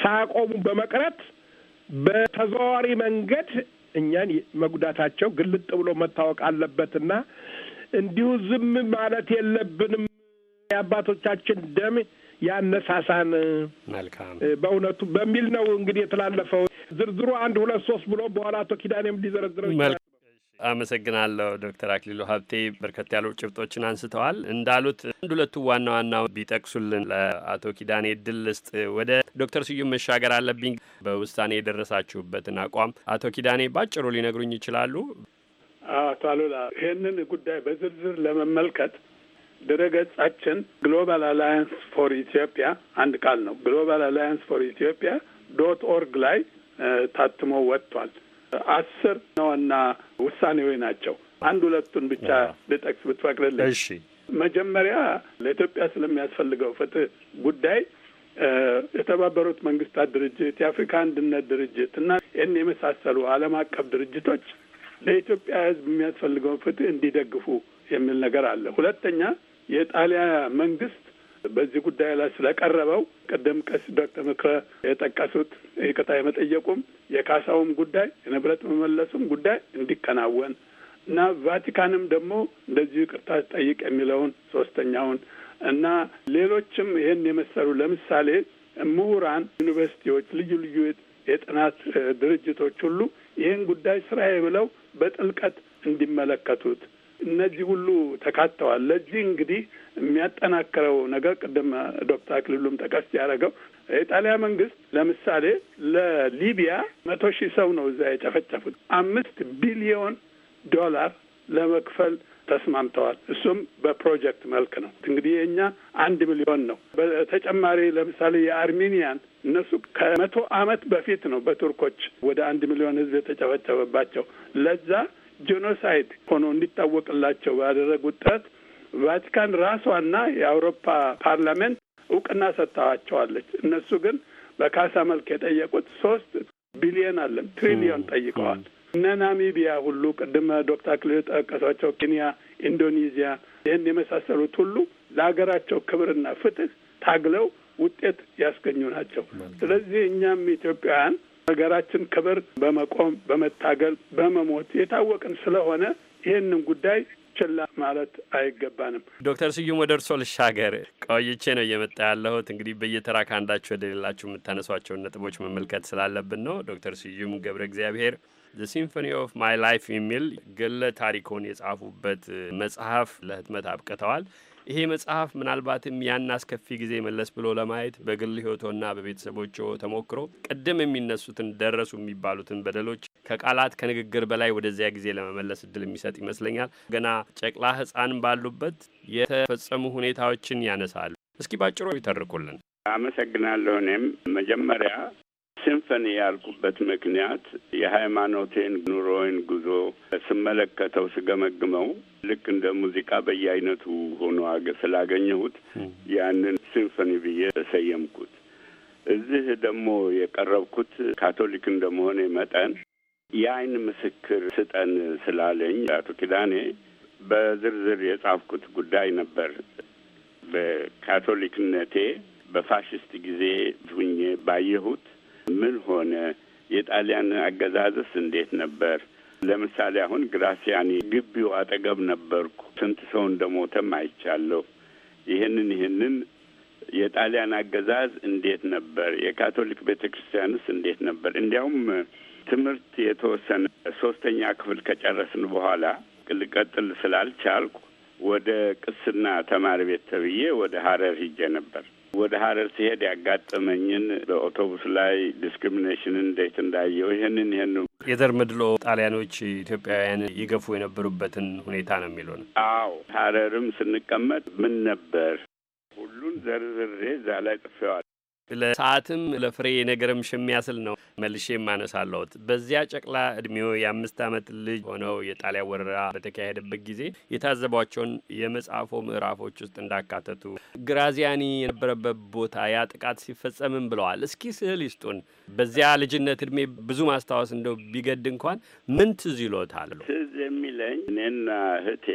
D: ሳያቆሙ በመቅረት በተዘዋዋሪ መንገድ እኛን መጉዳታቸው ግልጥ ብሎ መታወቅ አለበትና እንዲሁ ዝም ማለት የለብንም። የአባቶቻችን ደም ያነሳሳን መልካም በእውነቱ በሚል ነው እንግዲህ የተላለፈው። ዝርዝሩ አንድ ሁለት ሶስት ብሎ በኋላ አቶ ኪዳኔም ሊዘረዝረው ይችላል።
C: አመሰግናለሁ ዶክተር አክሊሉ ሀብቴ በርከት ያሉ ጭብጦችን አንስተዋል። እንዳሉት አንድ ሁለቱ ዋና ዋና ቢጠቅሱልን ለአቶ ኪዳኔ ድል ልስጥ። ወደ ዶክተር ስዩም መሻገር አለብኝ። በውሳኔ የደረሳችሁበትን አቋም አቶ ኪዳኔ ባጭሩ ሊነግሩኝ ይችላሉ?
E: አቶ አሉላ ይህንን ጉዳይ በዝርዝር ለመመልከት ድረገጻችን ግሎባል አላያንስ ፎር ኢትዮጵያ አንድ ቃል ነው። ግሎባል አላያንስ ፎር ኢትዮጵያ ዶት ኦርግ ላይ ታትሞ ወጥቷል። አስር ነውና ውሳኔዎች ናቸው። አንድ ሁለቱን ብቻ ልጠቅስ ብትፈቅድልኝ። እሺ። መጀመሪያ ለኢትዮጵያ ስለሚያስፈልገው ፍትህ ጉዳይ የተባበሩት መንግስታት ድርጅት፣ የአፍሪካ አንድነት ድርጅት እና ይህን የመሳሰሉ ዓለም አቀፍ ድርጅቶች ለኢትዮጵያ ሕዝብ የሚያስፈልገውን ፍትህ እንዲደግፉ የሚል ነገር አለ። ሁለተኛ የጣሊያ መንግስት በዚህ ጉዳይ ላይ ስለቀረበው ቅድም ቀስ ዶክተር ምክረ የጠቀሱት ይቅርታ የመጠየቁም የካሳውም ጉዳይ የንብረት መመለሱም ጉዳይ እንዲከናወን እና ቫቲካንም ደግሞ እንደዚሁ ይቅርታ ጠይቅ የሚለውን ሶስተኛውን እና ሌሎችም ይህን የመሰሉ ለምሳሌ ምሁራን፣ ዩኒቨርሲቲዎች፣ ልዩ ልዩ የጥናት ድርጅቶች ሁሉ ይህን ጉዳይ ስራዬ ብለው በጥልቀት እንዲመለከቱት እነዚህ ሁሉ ተካተዋል። ለዚህ እንግዲህ የሚያጠናክረው ነገር ቅድም ዶክተር አክሊሉም ጠቀስ ያደረገው የጣሊያ መንግስት ለምሳሌ ለሊቢያ መቶ ሺህ ሰው ነው እዛ የጨፈጨፉት አምስት ቢሊዮን ዶላር ለመክፈል ተስማምተዋል። እሱም በፕሮጀክት መልክ ነው። እንግዲህ የእኛ አንድ ሚሊዮን ነው። በተጨማሪ ለምሳሌ የአርሜኒያን እነሱ ከመቶ አመት በፊት ነው በቱርኮች ወደ አንድ ሚሊዮን ህዝብ የተጨፈጨፈባቸው ለዛ ጄኖሳይድ ሆኖ እንዲታወቅላቸው ባደረጉት ጥረት ቫቲካን ራሷና የአውሮፓ ፓርላሜንት እውቅና ሰጥታዋቸዋለች። እነሱ ግን በካሳ መልክ የጠየቁት ሶስት ቢሊዮን አለን ትሪሊዮን ጠይቀዋል። እነ ናሚቢያ ሁሉ ቅድመ ዶክተር ክልል ጠቀሷቸው፣ ኬንያ፣ ኢንዶኔዚያ ይህን የመሳሰሉት ሁሉ ለሀገራቸው ክብርና ፍትህ ታግለው ውጤት ያስገኙ ናቸው። ስለዚህ እኛም ኢትዮጵያውያን ሀገራችን ክብር በመቆም በመታገል በመሞት የታወቅን ስለሆነ ይህንን ጉዳይ ችላ ማለት አይገባንም።
C: ዶክተር ስዩም ወደ እርሶ ልሻገር። ቆይቼ ነው እየመጣ ያለሁት። እንግዲህ በየተራ ከአንዳችሁ ወደ ሌላችሁ የምታነሷቸውን ነጥቦች መመልከት ስላለብን ነው። ዶክተር ስዩም ገብረ እግዚአብሔር ዘ ሲምፎኒ ኦፍ ማይ ላይፍ የሚል ገለ ታሪኮን የጻፉበት መጽሐፍ ለህትመት አብቅተዋል። ይሄ መጽሐፍ ምናልባትም ያን አስከፊ ጊዜ መለስ ብሎ ለማየት በግል ህይወቶና በቤተሰቦች ተሞክሮ ቅድም የሚነሱትን ደረሱ የሚባሉትን በደሎች ከቃላት ከንግግር በላይ ወደዚያ ጊዜ ለመመለስ እድል የሚሰጥ ይመስለኛል። ገና ጨቅላ ህፃን ባሉበት የተፈጸሙ ሁኔታዎችን ያነሳሉ። እስኪ ባጭሩ ይተርኩልን።
G: አመሰግናለሁ። እኔም መጀመሪያ ሲምፈኒ ያልኩበት ምክንያት የሃይማኖቴን ኑሮዬን ጉዞ ስመለከተው ስገመግመው ልክ እንደ ሙዚቃ በየአይነቱ ሆኖ ስላገኘሁት ያንን ሲምፈኒ ብዬ ተሰየምኩት። እዚህ ደግሞ የቀረብኩት ካቶሊክ እንደመሆኔ መጠን የአይን ምስክር ስጠን ስላለኝ አቶ ኪዳኔ በዝርዝር የጻፍኩት ጉዳይ ነበር። በካቶሊክነቴ በፋሽስት ጊዜ ሁኜ ባየሁት ምን ሆነ? የጣሊያን አገዛዝስ እንዴት ነበር? ለምሳሌ አሁን ግራሲያኒ ግቢው አጠገብ ነበርኩ። ስንት ሰው እንደሞተም አይቻለሁ። ይህንን ይህንን የጣሊያን አገዛዝ እንዴት ነበር? የካቶሊክ ቤተ ክርስቲያንስ እንዴት ነበር? እንዲያውም ትምህርት የተወሰነ ሶስተኛ ክፍል ከጨረስን በኋላ ልቀጥል ስላልቻልኩ ወደ ቅስና ተማሪ ቤት ተብዬ ወደ ሀረር ሂጄ ነበር። ወደ ሀረር ሲሄድ ያጋጠመኝን በአውቶቡስ ላይ ዲስክሪሚኔሽን እንዴት እንዳየው ይህንን ይህን
C: የዘር መድሎ ጣሊያኖች ኢትዮጵያውያን ይገፉ የነበሩበትን ሁኔታ ነው የሚለው ነው።
G: አዎ ሀረርም ስንቀመጥ ምን ነበር ሁሉን ዘርዝሬ እዛ ላይ ጽፌዋል።
C: ለሰዓትም ለፍሬ ነገርም ሽሚያስል ነው። መልሼ የማነሳለሁት በዚያ ጨቅላ እድሜው የአምስት ዓመት ልጅ ሆነው የጣሊያ ወረራ በተካሄደበት ጊዜ የታዘቧቸውን የመጽሐፎ ምዕራፎች ውስጥ እንዳካተቱ ግራዚያኒ የነበረበት ቦታ ያ ጥቃት ሲፈጸምም ብለዋል። እስኪ ስዕል ይስጡን። በዚያ ልጅነት እድሜ ብዙ ማስታወስ እንደው ቢገድ እንኳን ምን ትዝ ይሎታል?
G: ትዝ የሚለኝ እኔና እህቴ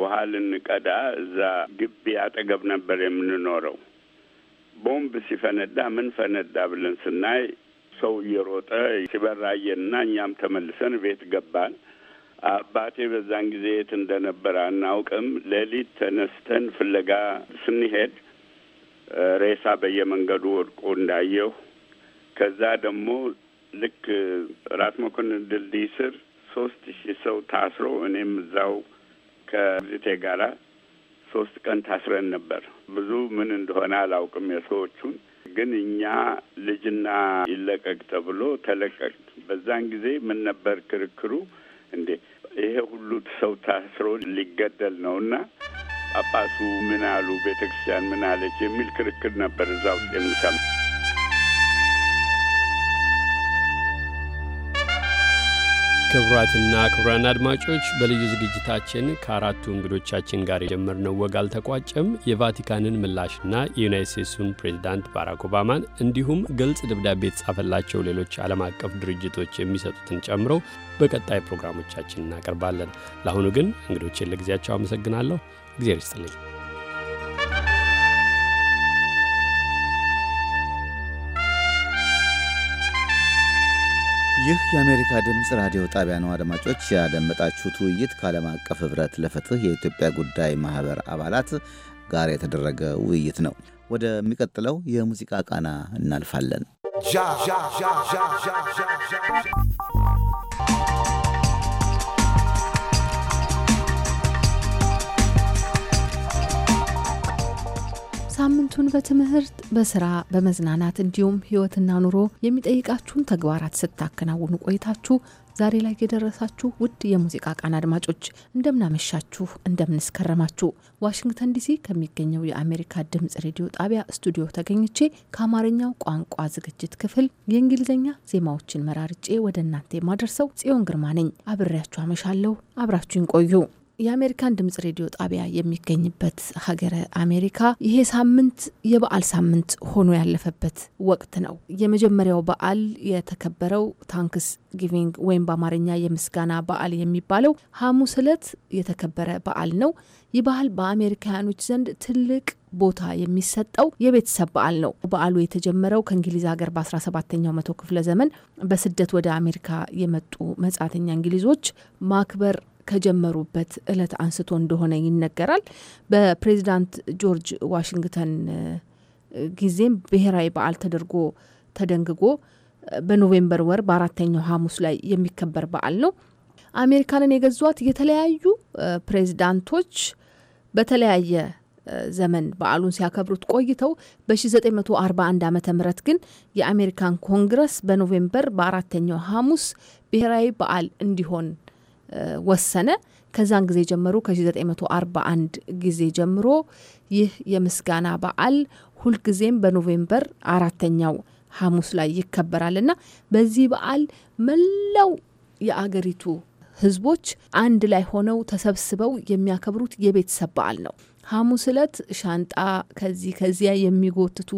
G: ውሃ ልንቀዳ እዛ ግቢ አጠገብ ነበር የምንኖረው ቦምብ ሲፈነዳ ምን ፈነዳ ብለን ስናይ ሰው እየሮጠ ሲበራየንና እኛም ተመልሰን ቤት ገባን። አባቴ በዛን ጊዜ የት እንደነበረ አናውቅም። ሌሊት ተነስተን ፍለጋ ስንሄድ ሬሳ በየመንገዱ ወድቆ እንዳየሁ ከዛ ደግሞ ልክ ራስ መኮንን ድልድይ ስር ሶስት ሺህ ሰው ታስሮ እኔም እዛው ከዚቴ ጋራ ሶስት ቀን ታስረን ነበር። ብዙ ምን እንደሆነ አላውቅም የሰዎቹን ግን እኛ ልጅና ይለቀቅ ተብሎ ተለቀቅ። በዛን ጊዜ ምን ነበር ክርክሩ? እንዴ ይሄ ሁሉ ሰው ታስሮ ሊገደል ነው እና ጳጳሱ ምን አሉ፣ ቤተ ክርስቲያን ምን አለች የሚል ክርክር ነበር እዛ ውስጥ የሚሰማ
C: ክቡራትና ክቡራን አድማጮች በልዩ ዝግጅታችን ከአራቱ እንግዶቻችን ጋር የጀመርነው ወግ አልተቋጨም። የቫቲካንን ምላሽና የዩናይት ስቴትሱን ፕሬዚዳንት ባራክ ኦባማን እንዲሁም ግልጽ ደብዳቤ የተጻፈላቸው ሌሎች ዓለም አቀፍ ድርጅቶች የሚሰጡትን ጨምሮ በቀጣይ ፕሮግራሞቻችን እናቀርባለን። ለአሁኑ ግን እንግዶችን ለጊዜያቸው አመሰግናለሁ። እግዜር ይስጥልኝ።
A: ይህ የአሜሪካ ድምፅ ራዲዮ ጣቢያ ነው። አድማጮች ያደመጣችሁት ውይይት ከዓለም አቀፍ ኅብረት ለፍትህ የኢትዮጵያ ጉዳይ ማኅበር አባላት ጋር የተደረገ ውይይት ነው። ወደሚቀጥለው የሙዚቃ ቃና እናልፋለን።
H: ሳምንቱን በትምህርት፣ በስራ፣ በመዝናናት እንዲሁም ህይወትና ኑሮ የሚጠይቃችሁን ተግባራት ስታከናውኑ ቆይታችሁ ዛሬ ላይ የደረሳችሁ ውድ የሙዚቃ ቃና አድማጮች እንደምናመሻችሁ፣ እንደምንስከረማችሁ ዋሽንግተን ዲሲ ከሚገኘው የአሜሪካ ድምፅ ሬዲዮ ጣቢያ ስቱዲዮ ተገኝቼ ከአማርኛው ቋንቋ ዝግጅት ክፍል የእንግሊዝኛ ዜማዎችን መራርጬ ወደ እናንተ የማደርሰው ጽዮን ግርማ ነኝ። አብሬያችሁ አመሻለሁ። አብራችሁን ቆዩ። የአሜሪካን ድምጽ ሬዲዮ ጣቢያ የሚገኝበት ሀገረ አሜሪካ ይሄ ሳምንት የበዓል ሳምንት ሆኖ ያለፈበት ወቅት ነው። የመጀመሪያው በዓል የተከበረው ታንክስ ጊቪንግ ወይም በአማርኛ የምስጋና በዓል የሚባለው ሐሙስ ዕለት የተከበረ በዓል ነው። ይህ በዓል በአሜሪካኖች ዘንድ ትልቅ ቦታ የሚሰጠው የቤተሰብ በዓል ነው። በዓሉ የተጀመረው ከእንግሊዝ ሀገር በ17ኛው መቶ ክፍለ ዘመን በስደት ወደ አሜሪካ የመጡ መጻተኛ እንግሊዞች ማክበር ከጀመሩበት እለት አንስቶ እንደሆነ ይነገራል። በፕሬዚዳንት ጆርጅ ዋሽንግተን ጊዜም ብሔራዊ በዓል ተደርጎ ተደንግጎ በኖቬምበር ወር በአራተኛው ሐሙስ ላይ የሚከበር በዓል ነው። አሜሪካንን የገዟት የተለያዩ ፕሬዚዳንቶች በተለያየ ዘመን በዓሉን ሲያከብሩት ቆይተው በ1941 ዓ ም ግን የአሜሪካን ኮንግረስ በኖቬምበር በአራተኛው ሐሙስ ብሔራዊ በዓል እንዲሆን ወሰነ። ከዛን ጊዜ ጀምሮ ከ1941 ጊዜ ጀምሮ ይህ የምስጋና በዓል ሁልጊዜም በኖቬምበር አራተኛው ሐሙስ ላይ ይከበራልና በዚህ በዓል መላው የአገሪቱ ህዝቦች አንድ ላይ ሆነው ተሰብስበው የሚያከብሩት የቤተሰብ በዓል ነው። ሐሙስ እለት ሻንጣ ከዚህ ከዚያ የሚጎትቱ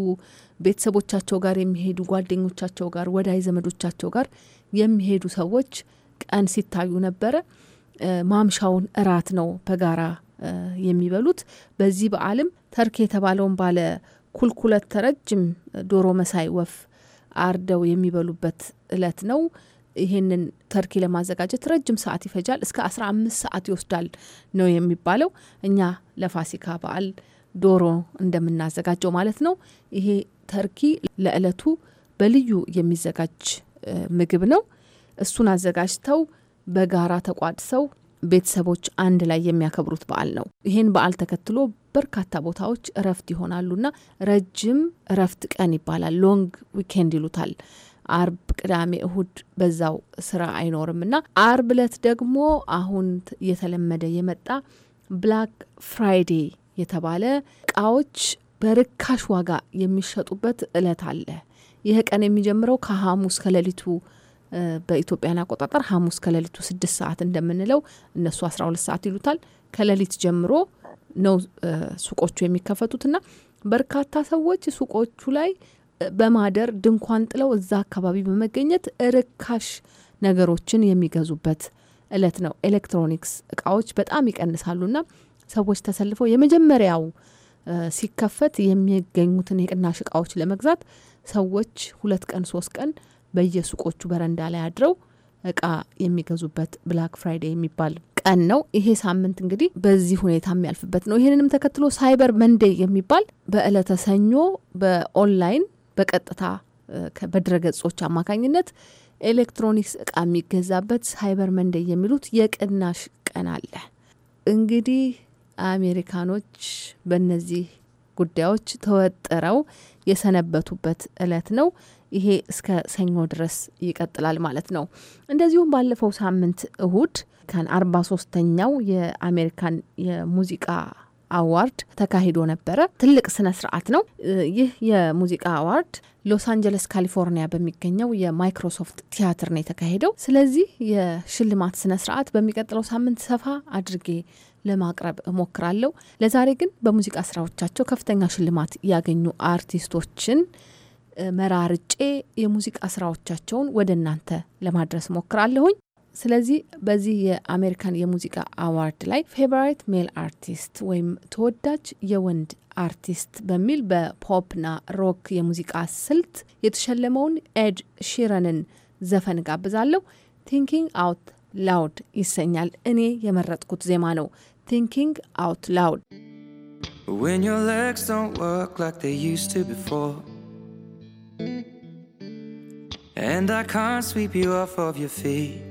H: ቤተሰቦቻቸው ጋር የሚሄዱ ጓደኞቻቸው ጋር፣ ወዳይ ዘመዶቻቸው ጋር የሚሄዱ ሰዎች ቀን ሲታዩ ነበረ። ማምሻውን እራት ነው በጋራ የሚበሉት። በዚህ በዓልም ተርክ የተባለውን ባለ ኩልኩለት ረጅም ዶሮ መሳይ ወፍ አርደው የሚበሉበት እለት ነው። ይህንን ተርኪ ለማዘጋጀት ረጅም ሰዓት ይፈጃል። እስከ አስራ አምስት ሰዓት ይወስዳል ነው የሚባለው። እኛ ለፋሲካ በዓል ዶሮ እንደምናዘጋጀው ማለት ነው። ይሄ ተርኪ ለእለቱ በልዩ የሚዘጋጅ ምግብ ነው። እሱን አዘጋጅተው በጋራ ተቋድሰው ቤተሰቦች አንድ ላይ የሚያከብሩት በዓል ነው። ይህን በዓል ተከትሎ በርካታ ቦታዎች እረፍት ይሆናሉና ረጅም እረፍት ቀን ይባላል። ሎንግ ዊኬንድ ይሉታል። አርብ፣ ቅዳሜ፣ እሁድ በዛው ስራ አይኖርም እና አርብ እለት ደግሞ አሁን እየተለመደ የመጣ ብላክ ፍራይዴ የተባለ እቃዎች በርካሽ ዋጋ የሚሸጡበት እለት አለ። ይህ ቀን የሚጀምረው ከሐሙስ ከሌሊቱ በኢትዮጵያን አቆጣጠር ሐሙስ ከሌሊቱ ስድስት ሰዓት እንደምንለው እነሱ አስራ ሁለት ሰዓት ይሉታል። ከሌሊት ጀምሮ ነው ሱቆቹ የሚከፈቱትና በርካታ ሰዎች ሱቆቹ ላይ በማደር ድንኳን ጥለው እዛ አካባቢ በመገኘት ርካሽ ነገሮችን የሚገዙበት እለት ነው። ኤሌክትሮኒክስ እቃዎች በጣም ይቀንሳሉና ሰዎች ተሰልፈው የመጀመሪያው ሲከፈት የሚገኙትን የቅናሽ እቃዎች ለመግዛት ሰዎች ሁለት ቀን ሶስት ቀን በየሱቆቹ በረንዳ ላይ አድረው እቃ የሚገዙበት ብላክ ፍራይዴ የሚባል ቀን ነው። ይሄ ሳምንት እንግዲህ በዚህ ሁኔታ የሚያልፍበት ነው። ይህንንም ተከትሎ ሳይበር መንዴይ የሚባል በእለተ ሰኞ በኦንላይን በቀጥታ በድረገጾች አማካኝነት ኤሌክትሮኒክስ እቃ የሚገዛበት ሳይበር መንዴይ የሚሉት የቅናሽ ቀን አለ። እንግዲህ አሜሪካኖች በእነዚህ ጉዳዮች ተወጥረው የሰነበቱበት እለት ነው። ይሄ እስከ ሰኞ ድረስ ይቀጥላል ማለት ነው። እንደዚሁም ባለፈው ሳምንት እሁድ ከን አርባ ሶስተኛው የአሜሪካን የሙዚቃ አዋርድ ተካሂዶ ነበረ። ትልቅ ስነ ስርዓት ነው። ይህ የሙዚቃ አዋርድ ሎስ አንጀለስ ካሊፎርኒያ በሚገኘው የማይክሮሶፍት ቲያትር ነው የተካሄደው። ስለዚህ የሽልማት ስነ ስርዓት በሚቀጥለው ሳምንት ሰፋ አድርጌ ለማቅረብ እሞክራለሁ። ለዛሬ ግን በሙዚቃ ስራዎቻቸው ከፍተኛ ሽልማት ያገኙ አርቲስቶችን መራርጬ የሙዚቃ ስራዎቻቸውን ወደ እናንተ ለማድረስ ሞክራለሁኝ። ስለዚህ በዚህ የአሜሪካን የሙዚቃ አዋርድ ላይ ፌቨራይት ሜል አርቲስት ወይም ተወዳጅ የወንድ አርቲስት በሚል በፖፕና ሮክ የሙዚቃ ስልት የተሸለመውን ኤድ ሺረንን ዘፈን ጋብዛለሁ። ቲንኪንግ አውት ላውድ ይሰኛል። እኔ የመረጥኩት ዜማ ነው። ቲንኪንግ አውት ላውድ
I: And I can't sweep you off of your feet.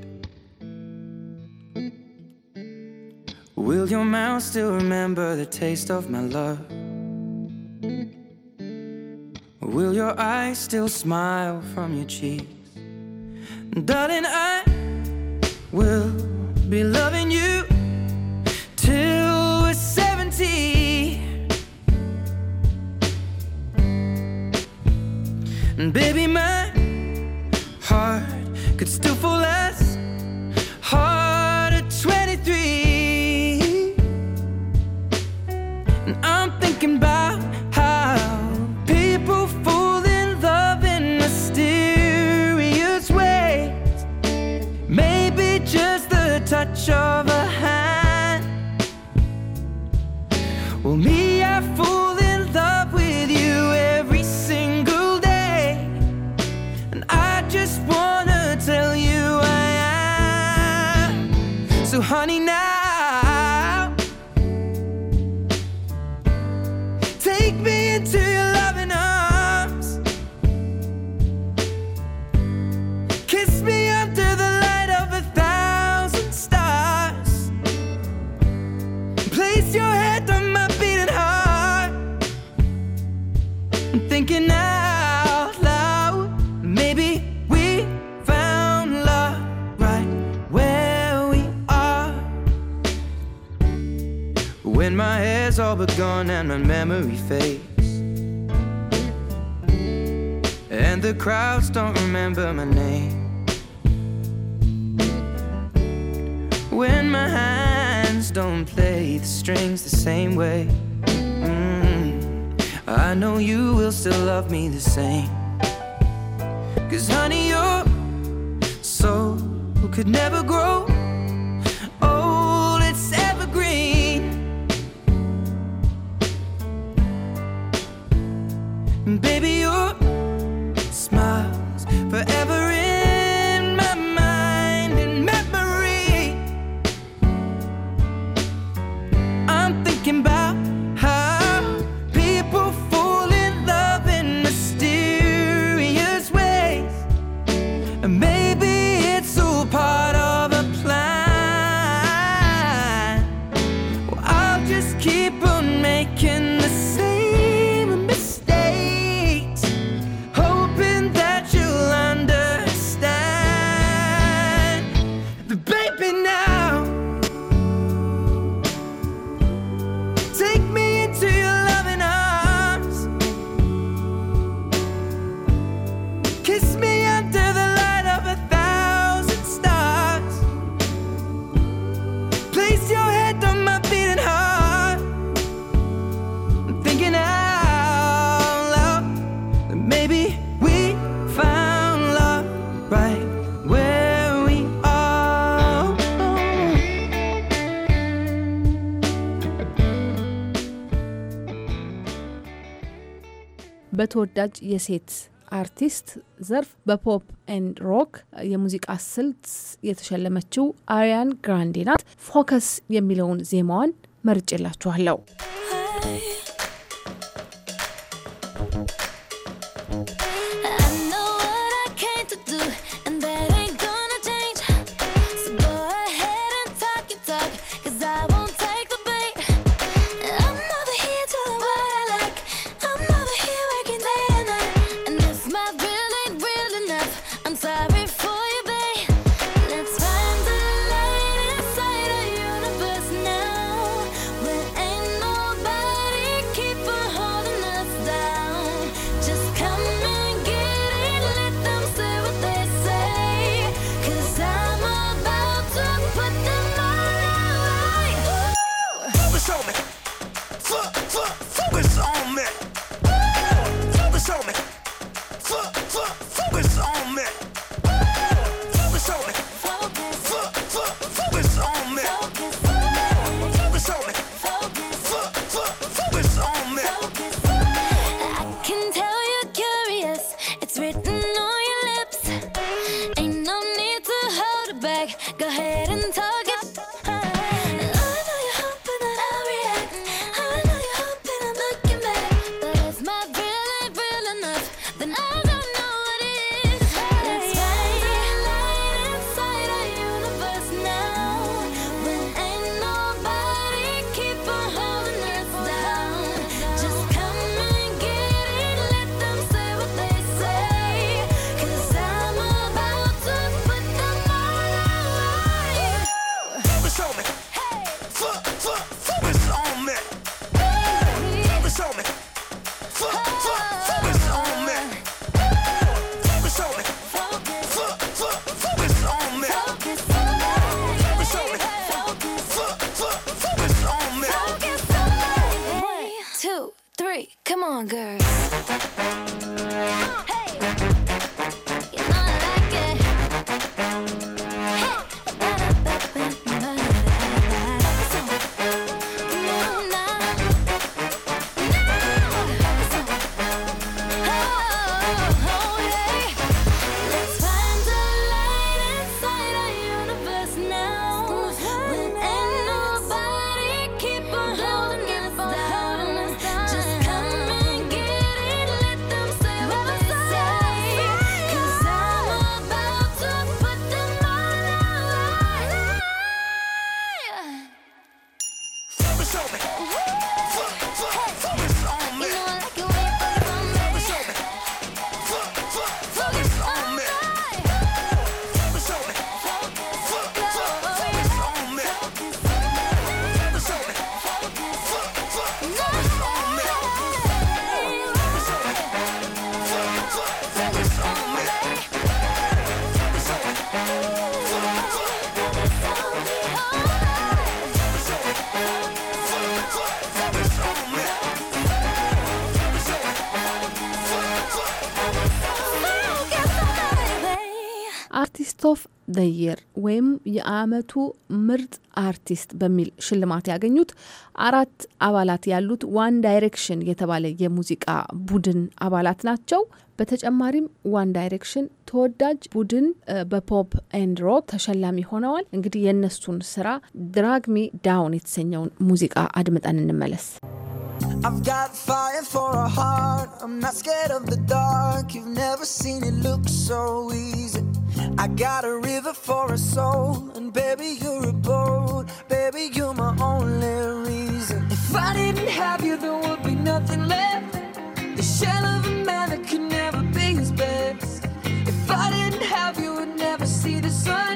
I: Will your mouth still remember the taste of my love? Will your eyes still smile from your cheeks? Darling, I will be loving you till we're 70. And baby, my heart could still fall as hard at 23. And I'm thinking about how people fall in love in mysterious ways. Maybe just the touch of a hand will your head on my beating heart. I'm thinking out loud, maybe we found love right where we are. When my hair's all but gone and my memory fades, and the crowds don't remember my name. play the strings the same way. Mm-hmm. I know you will still love me the same. Cause honey, your soul could never grow.
H: በተወዳጅ የሴት አርቲስት ዘርፍ በፖፕ ኤንድ ሮክ የሙዚቃ ስልት የተሸለመችው አሪያን ግራንዴ ናት። ፎከስ የሚለውን ዜማዋን መርጬላችኋለሁ። አርቲስት ኦፍ ዘ ወይም የአመቱ ምርጥ አርቲስት በሚል ሽልማት ያገኙት አራት አባላት ያሉት ዋን ዳይሬክሽን የተባለ የሙዚቃ ቡድን አባላት ናቸው። በተጨማሪም ዋን ዳይሬክሽን ተወዳጅ ቡድን በፖፕ ኤንድ ሮክ ተሸላሚ ሆነዋል። እንግዲህ የእነሱን ስራ ድራግሚ ዳውን የተሰኘውን ሙዚቃ አድምጠን እንመለስ።
I: I've got fire for a heart. I'm not scared of the dark. You've never seen it look so easy. I got a river for a soul, and baby, you're a boat. road. Baby, you're my only reason. If I didn't have you, there would be nothing left. The shell of a man that could never be his best. If I didn't have you, would never see the sun.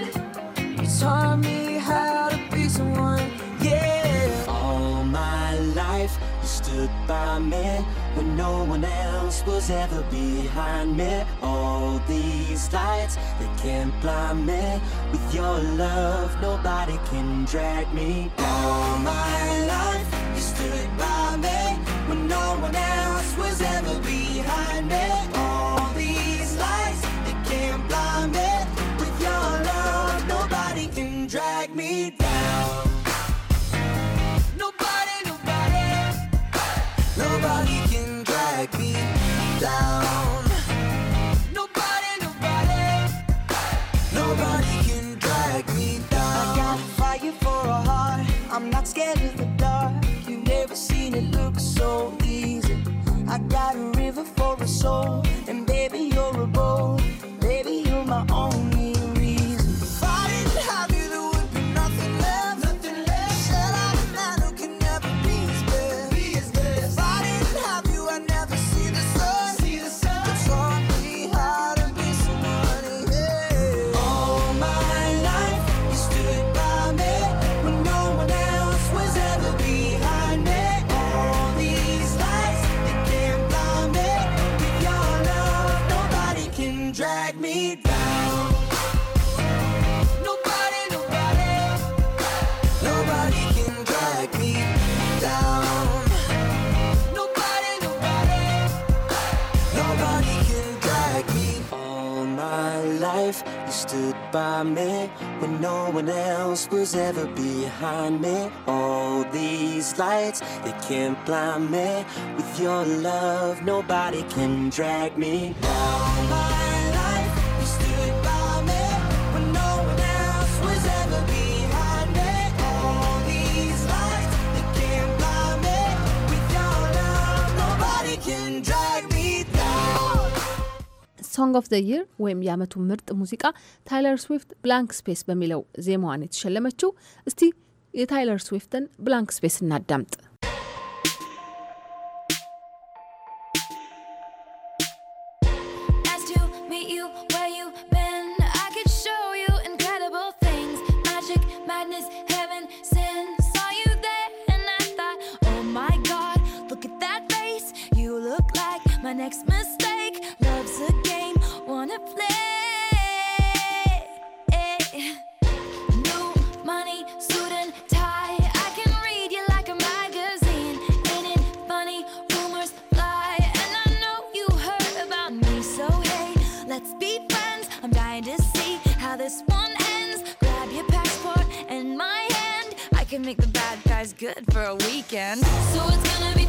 I: You taught me how to be someone, yeah. All my life, you stood by me when no one else was ever behind me All these lights, they can't blind me With your love, nobody can drag me down All
J: my life, you stood by me When no one else was ever behind me All these lights, they can't blind me With your love, nobody can drag me down
K: got a river for a soul.
I: was ever behind me. All these lights, they can't blind me. With your love, nobody can drag me
J: down.
H: ሶንግ ኦፍ ዘ ይር ወይም የአመቱ ምርጥ ሙዚቃ ታይለር ስዊፍት ብላንክ ስፔስ በሚለው ዜማዋን የተሸለመችው። እስቲ የታይለር ስዊፍትን ብላንክ ስፔስ እናዳምጥ።
L: next mistake. this one ends. Grab your passport and my hand. I can make the bad guys good for a weekend. So it's gonna be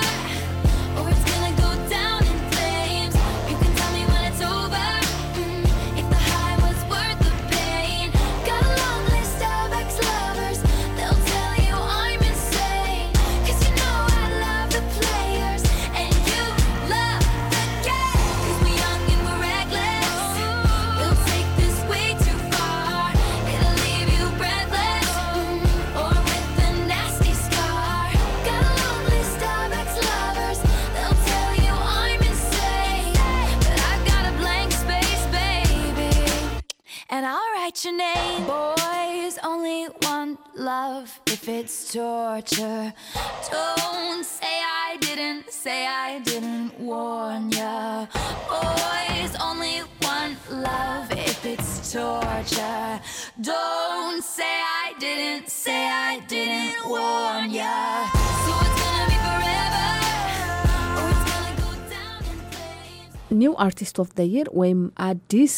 L: torture. Don't say I didn't, say I didn't warn ya. Boys, only one love if it's torture. Don't say I didn't, say I didn't warn ya. So it's
H: gonna be forever.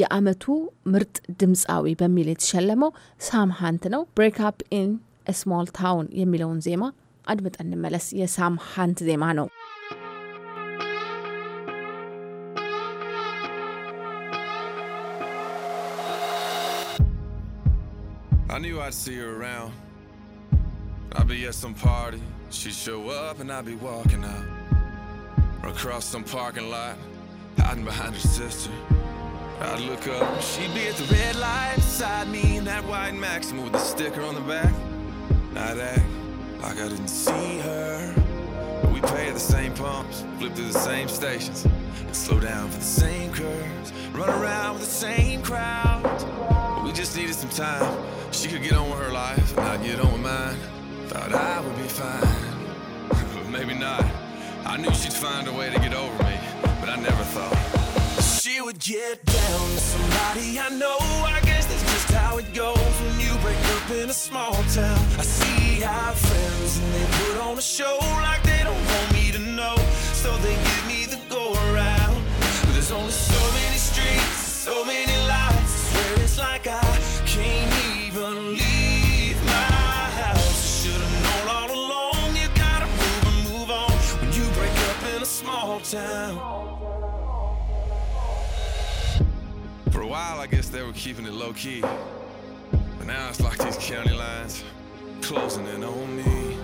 H: የአመቱ ምርጥ ድምፃዊ በሚል የተሸለመው ሳም ነው። ብሬክ አፕ ኢን ስሞል ታውን የሚለውን ዜማ አድምጠን እንመለስ። የሳም ዜማ ነው።
M: I knew I'd see her around. I'd be at some party, she'd show up and I'd be walking out. Or across some parking lot, hiding behind her sister. I'd look up, she'd be at the red light beside me in that white Maxima with the sticker on the back. I act like I didn't see her. But we pay at the same pumps, flip through the same stations, and slow down for the same curves, run around with the same crowd. But we just needed some time. She could get on with her life, and I'd get on with mine. Thought I would be fine, but maybe not. I knew she'd find a way to get over me, but I never thought
J: she would get down to somebody
N: I know. I guess that's just how it goes when you up in a small town. I see our friends and they put on a show like they don't want me to know. So they give me the go around. But there's only so many streets, so many lights. I swear it's like I can't even leave my house. I should've known all along. You gotta move and move on when you break up in a small town.
M: For a while, I guess they were keeping it low key now it's like these county lines closing in on me.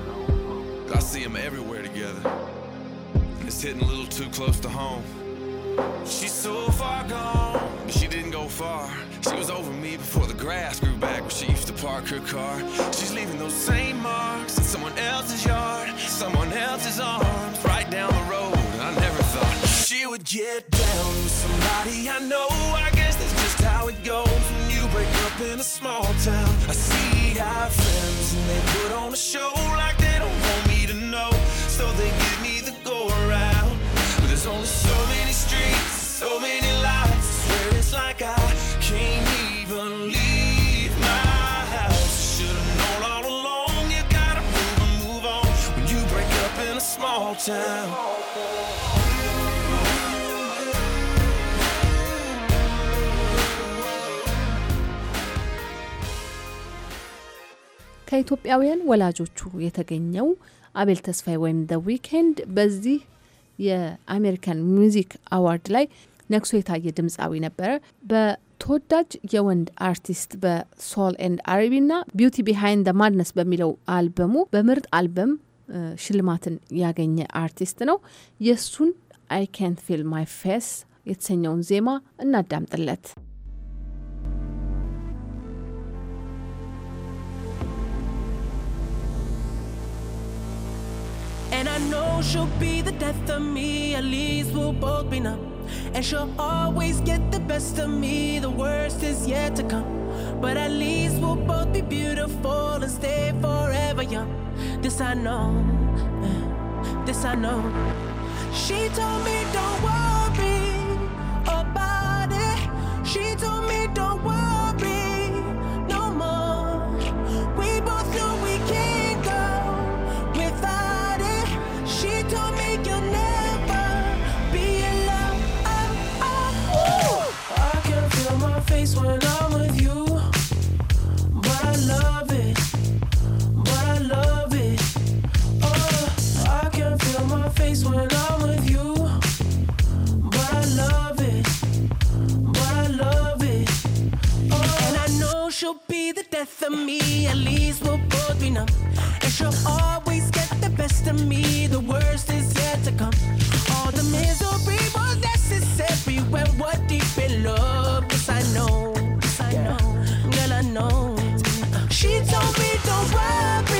M: I see them everywhere together. It's hitting a little too close to home. She's so far gone, but she didn't go far. She was over me before the grass grew back where she used to park her car. She's leaving those same marks in someone else's yard, someone else's arms, right down the road. And I never thought
N: she would get down with somebody I know. I guess that's just how it goes growing up in a small town, I see our friends and they put on a show like they don't want me to know. So they give me the go around. But there's only so many streets, so many lights. I swear it's like I can't even leave my house. Should've known all along you gotta move and move on when you break up in a small town.
H: ከኢትዮጵያውያን ወላጆቹ የተገኘው አቤል ተስፋዬ ወይም ደ ዊኬንድ በዚህ የአሜሪካን ሚውዚክ አዋርድ ላይ ነግሶ የታየ ድምፃዊ ነበረ። በተወዳጅ የወንድ አርቲስት በሶል ኤንድ አርቢ እና ቢዩቲ ቢሃይንድ ደ ማድነስ በሚለው አልበሙ በምርጥ አልበም ሽልማትን ያገኘ አርቲስት ነው። የእሱን አይ ካንት ፊል ማይ ፌስ የተሰኘውን ዜማ እናዳምጥለት።
K: she'll be the death of me, at least we'll both be numb. And she'll always get the best of me, the worst is yet to come. But at least we'll both be beautiful and stay forever young. This I know, this I know. She told me, don't worry. death of me, at least we'll both be numb. And she'll always get the best of me, the worst is yet to come. All the misery was necessary when we're deep in love. Yes, I know, yes, I know, girl, I know. She told me don't worry.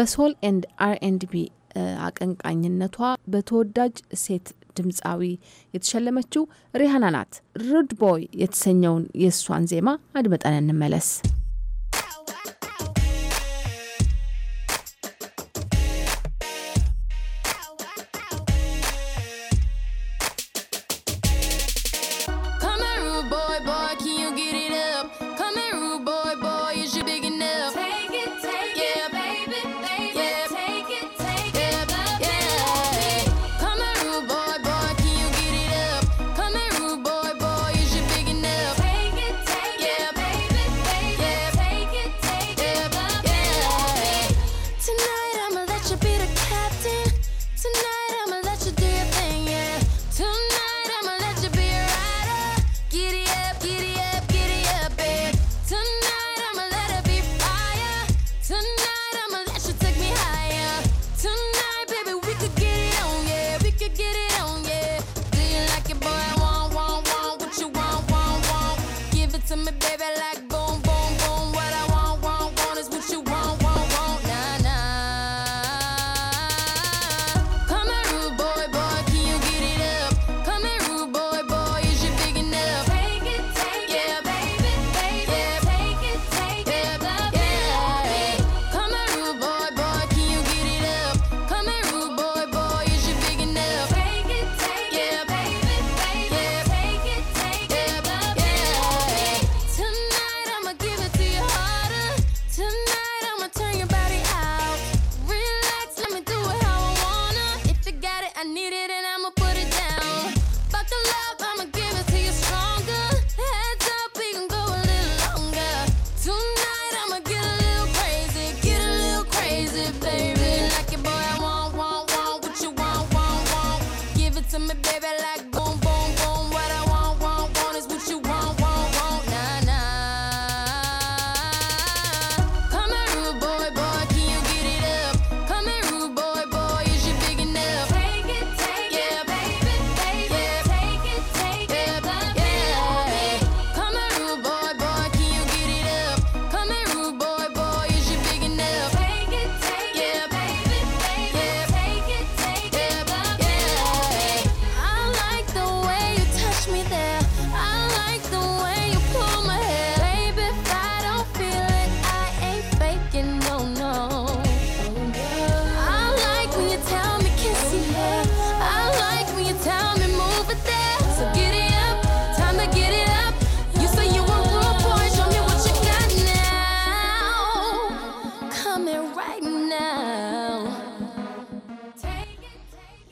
H: በሶል ኤንድ አር ኤንድ ቢ አቀንቃኝነቷ በተወዳጅ ሴት ድምፃዊ የተሸለመችው ሪሃና ናት። ሩድ ቦይ የተሰኘውን የእሷን ዜማ አድመጠን እንመለስ።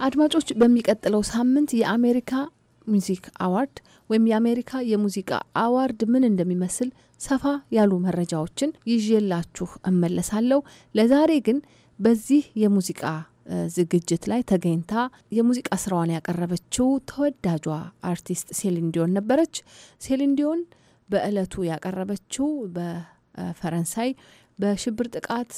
H: አድማጮች በሚቀጥለው ሳምንት የአሜሪካ ሙዚክ አዋርድ ወይም የአሜሪካ የሙዚቃ አዋርድ ምን እንደሚመስል ሰፋ ያሉ መረጃዎችን ይዤላችሁ እመለሳለሁ። ለዛሬ ግን በዚህ የሙዚቃ ዝግጅት ላይ ተገኝታ የሙዚቃ ስራዋን ያቀረበችው ተወዳጇ አርቲስት ሴሊን ዲዮን ነበረች። ሴሊን ዲዮን በእለቱ ያቀረበችው በፈረንሳይ በሽብር ጥቃት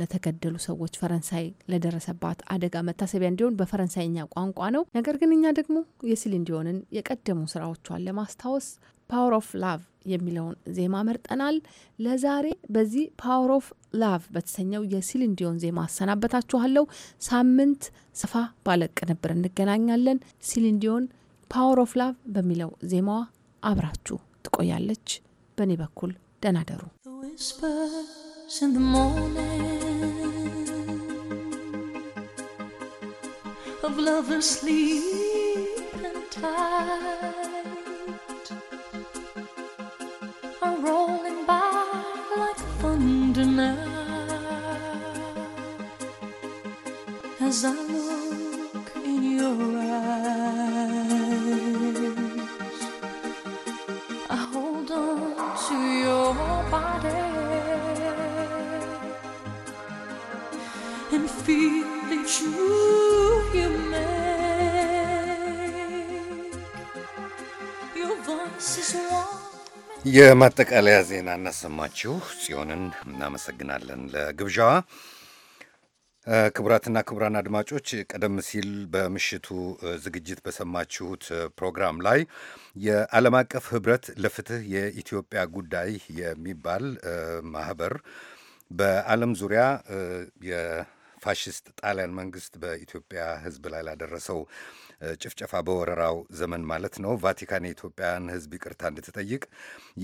H: ለተገደሉ ሰዎች ፈረንሳይ ለደረሰባት አደጋ መታሰቢያ እንዲሆን በፈረንሳይኛ ቋንቋ ነው። ነገር ግን እኛ ደግሞ የሲሊን ዲዮንን የቀደሙ ስራዎቿን ለማስታወስ ፓወር ኦፍ ላቭ የሚለውን ዜማ መርጠናል። ለዛሬ በዚህ ፓወር ኦፍ ላቭ በተሰኘው የሲሊን ዲዮን ዜማ አሰናበታችኋለሁ። ሳምንት ስፋ ባለቅ ነበር እንገናኛለን። ሲሊን ዲዮን ፓወር ኦፍ ላቭ በሚለው ዜማዋ አብራችሁ ትቆያለች። በእኔ በኩል ደናደሩ
J: ደሩ። flash in the morning of lovers sleeping tight are rolling by like thunder now as I look.
B: የማጠቃለያ ዜና እናሰማችሁ። ጽዮንን እናመሰግናለን ለግብዣዋ። ክቡራትና ክቡራን አድማጮች ቀደም ሲል በምሽቱ ዝግጅት በሰማችሁት ፕሮግራም ላይ የዓለም አቀፍ ህብረት ለፍትህ የኢትዮጵያ ጉዳይ የሚባል ማህበር በዓለም ዙሪያ የፋሽስት ጣሊያን መንግስት በኢትዮጵያ ህዝብ ላይ ላደረሰው ጭፍጨፋ በወረራው ዘመን ማለት ነው። ቫቲካን የኢትዮጵያን ሕዝብ ይቅርታ እንድትጠይቅ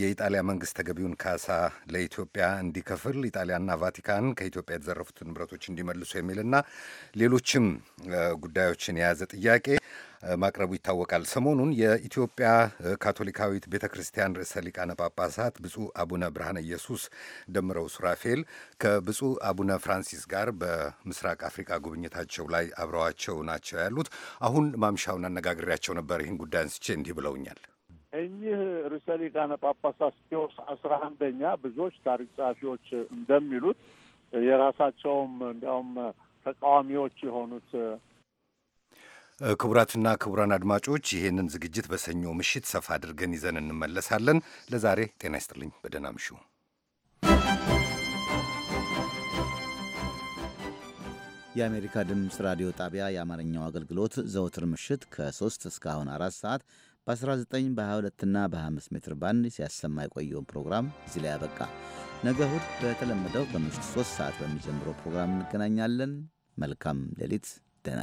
B: የኢጣሊያ መንግስት ተገቢውን ካሳ ለኢትዮጵያ እንዲከፍል ኢጣሊያና ቫቲካን ከኢትዮጵያ የተዘረፉትን ንብረቶች እንዲመልሱ የሚልና ሌሎችም ጉዳዮችን የያዘ ጥያቄ ማቅረቡ ይታወቃል። ሰሞኑን የኢትዮጵያ ካቶሊካዊት ቤተ ክርስቲያን ርዕሰ ሊቃነ ጳጳሳት ብፁዕ አቡነ ብርሃነ ኢየሱስ ደምረው ሱራፌል ከብፁዕ አቡነ ፍራንሲስ ጋር በምስራቅ አፍሪካ ጉብኝታቸው ላይ አብረዋቸው ናቸው ያሉት። አሁን ማምሻውን አነጋግሬያቸው ነበር። ይህን ጉዳይ አንስቼ እንዲህ ብለውኛል።
E: እኚህ ርዕሰ ሊቃነ ጳጳሳት ቴዎስ አስራ አንደኛ ብዙዎች ታሪክ ጸሐፊዎች እንደሚሉት የራሳቸውም እንዲያውም ተቃዋሚዎች የሆኑት
B: ክቡራትና ክቡራን አድማጮች ይህንን ዝግጅት በሰኞ ምሽት ሰፋ አድርገን ይዘን እንመለሳለን። ለዛሬ ጤና ይስጥልኝ። በደህና
A: ምሹ። የአሜሪካ ድምፅ ራዲዮ ጣቢያ የአማርኛው አገልግሎት ዘወትር ምሽት ከ3 እስካሁን 4 ሰዓት በ19 በ22ና በ25 ሜትር ባንድ ሲያሰማ የቆየውን ፕሮግራም እዚህ ላይ ያበቃ። ነገ እሁድ በተለመደው በምሽት 3 ሰዓት በሚጀምረው ፕሮግራም እንገናኛለን። መልካም ሌሊት፣ ደህና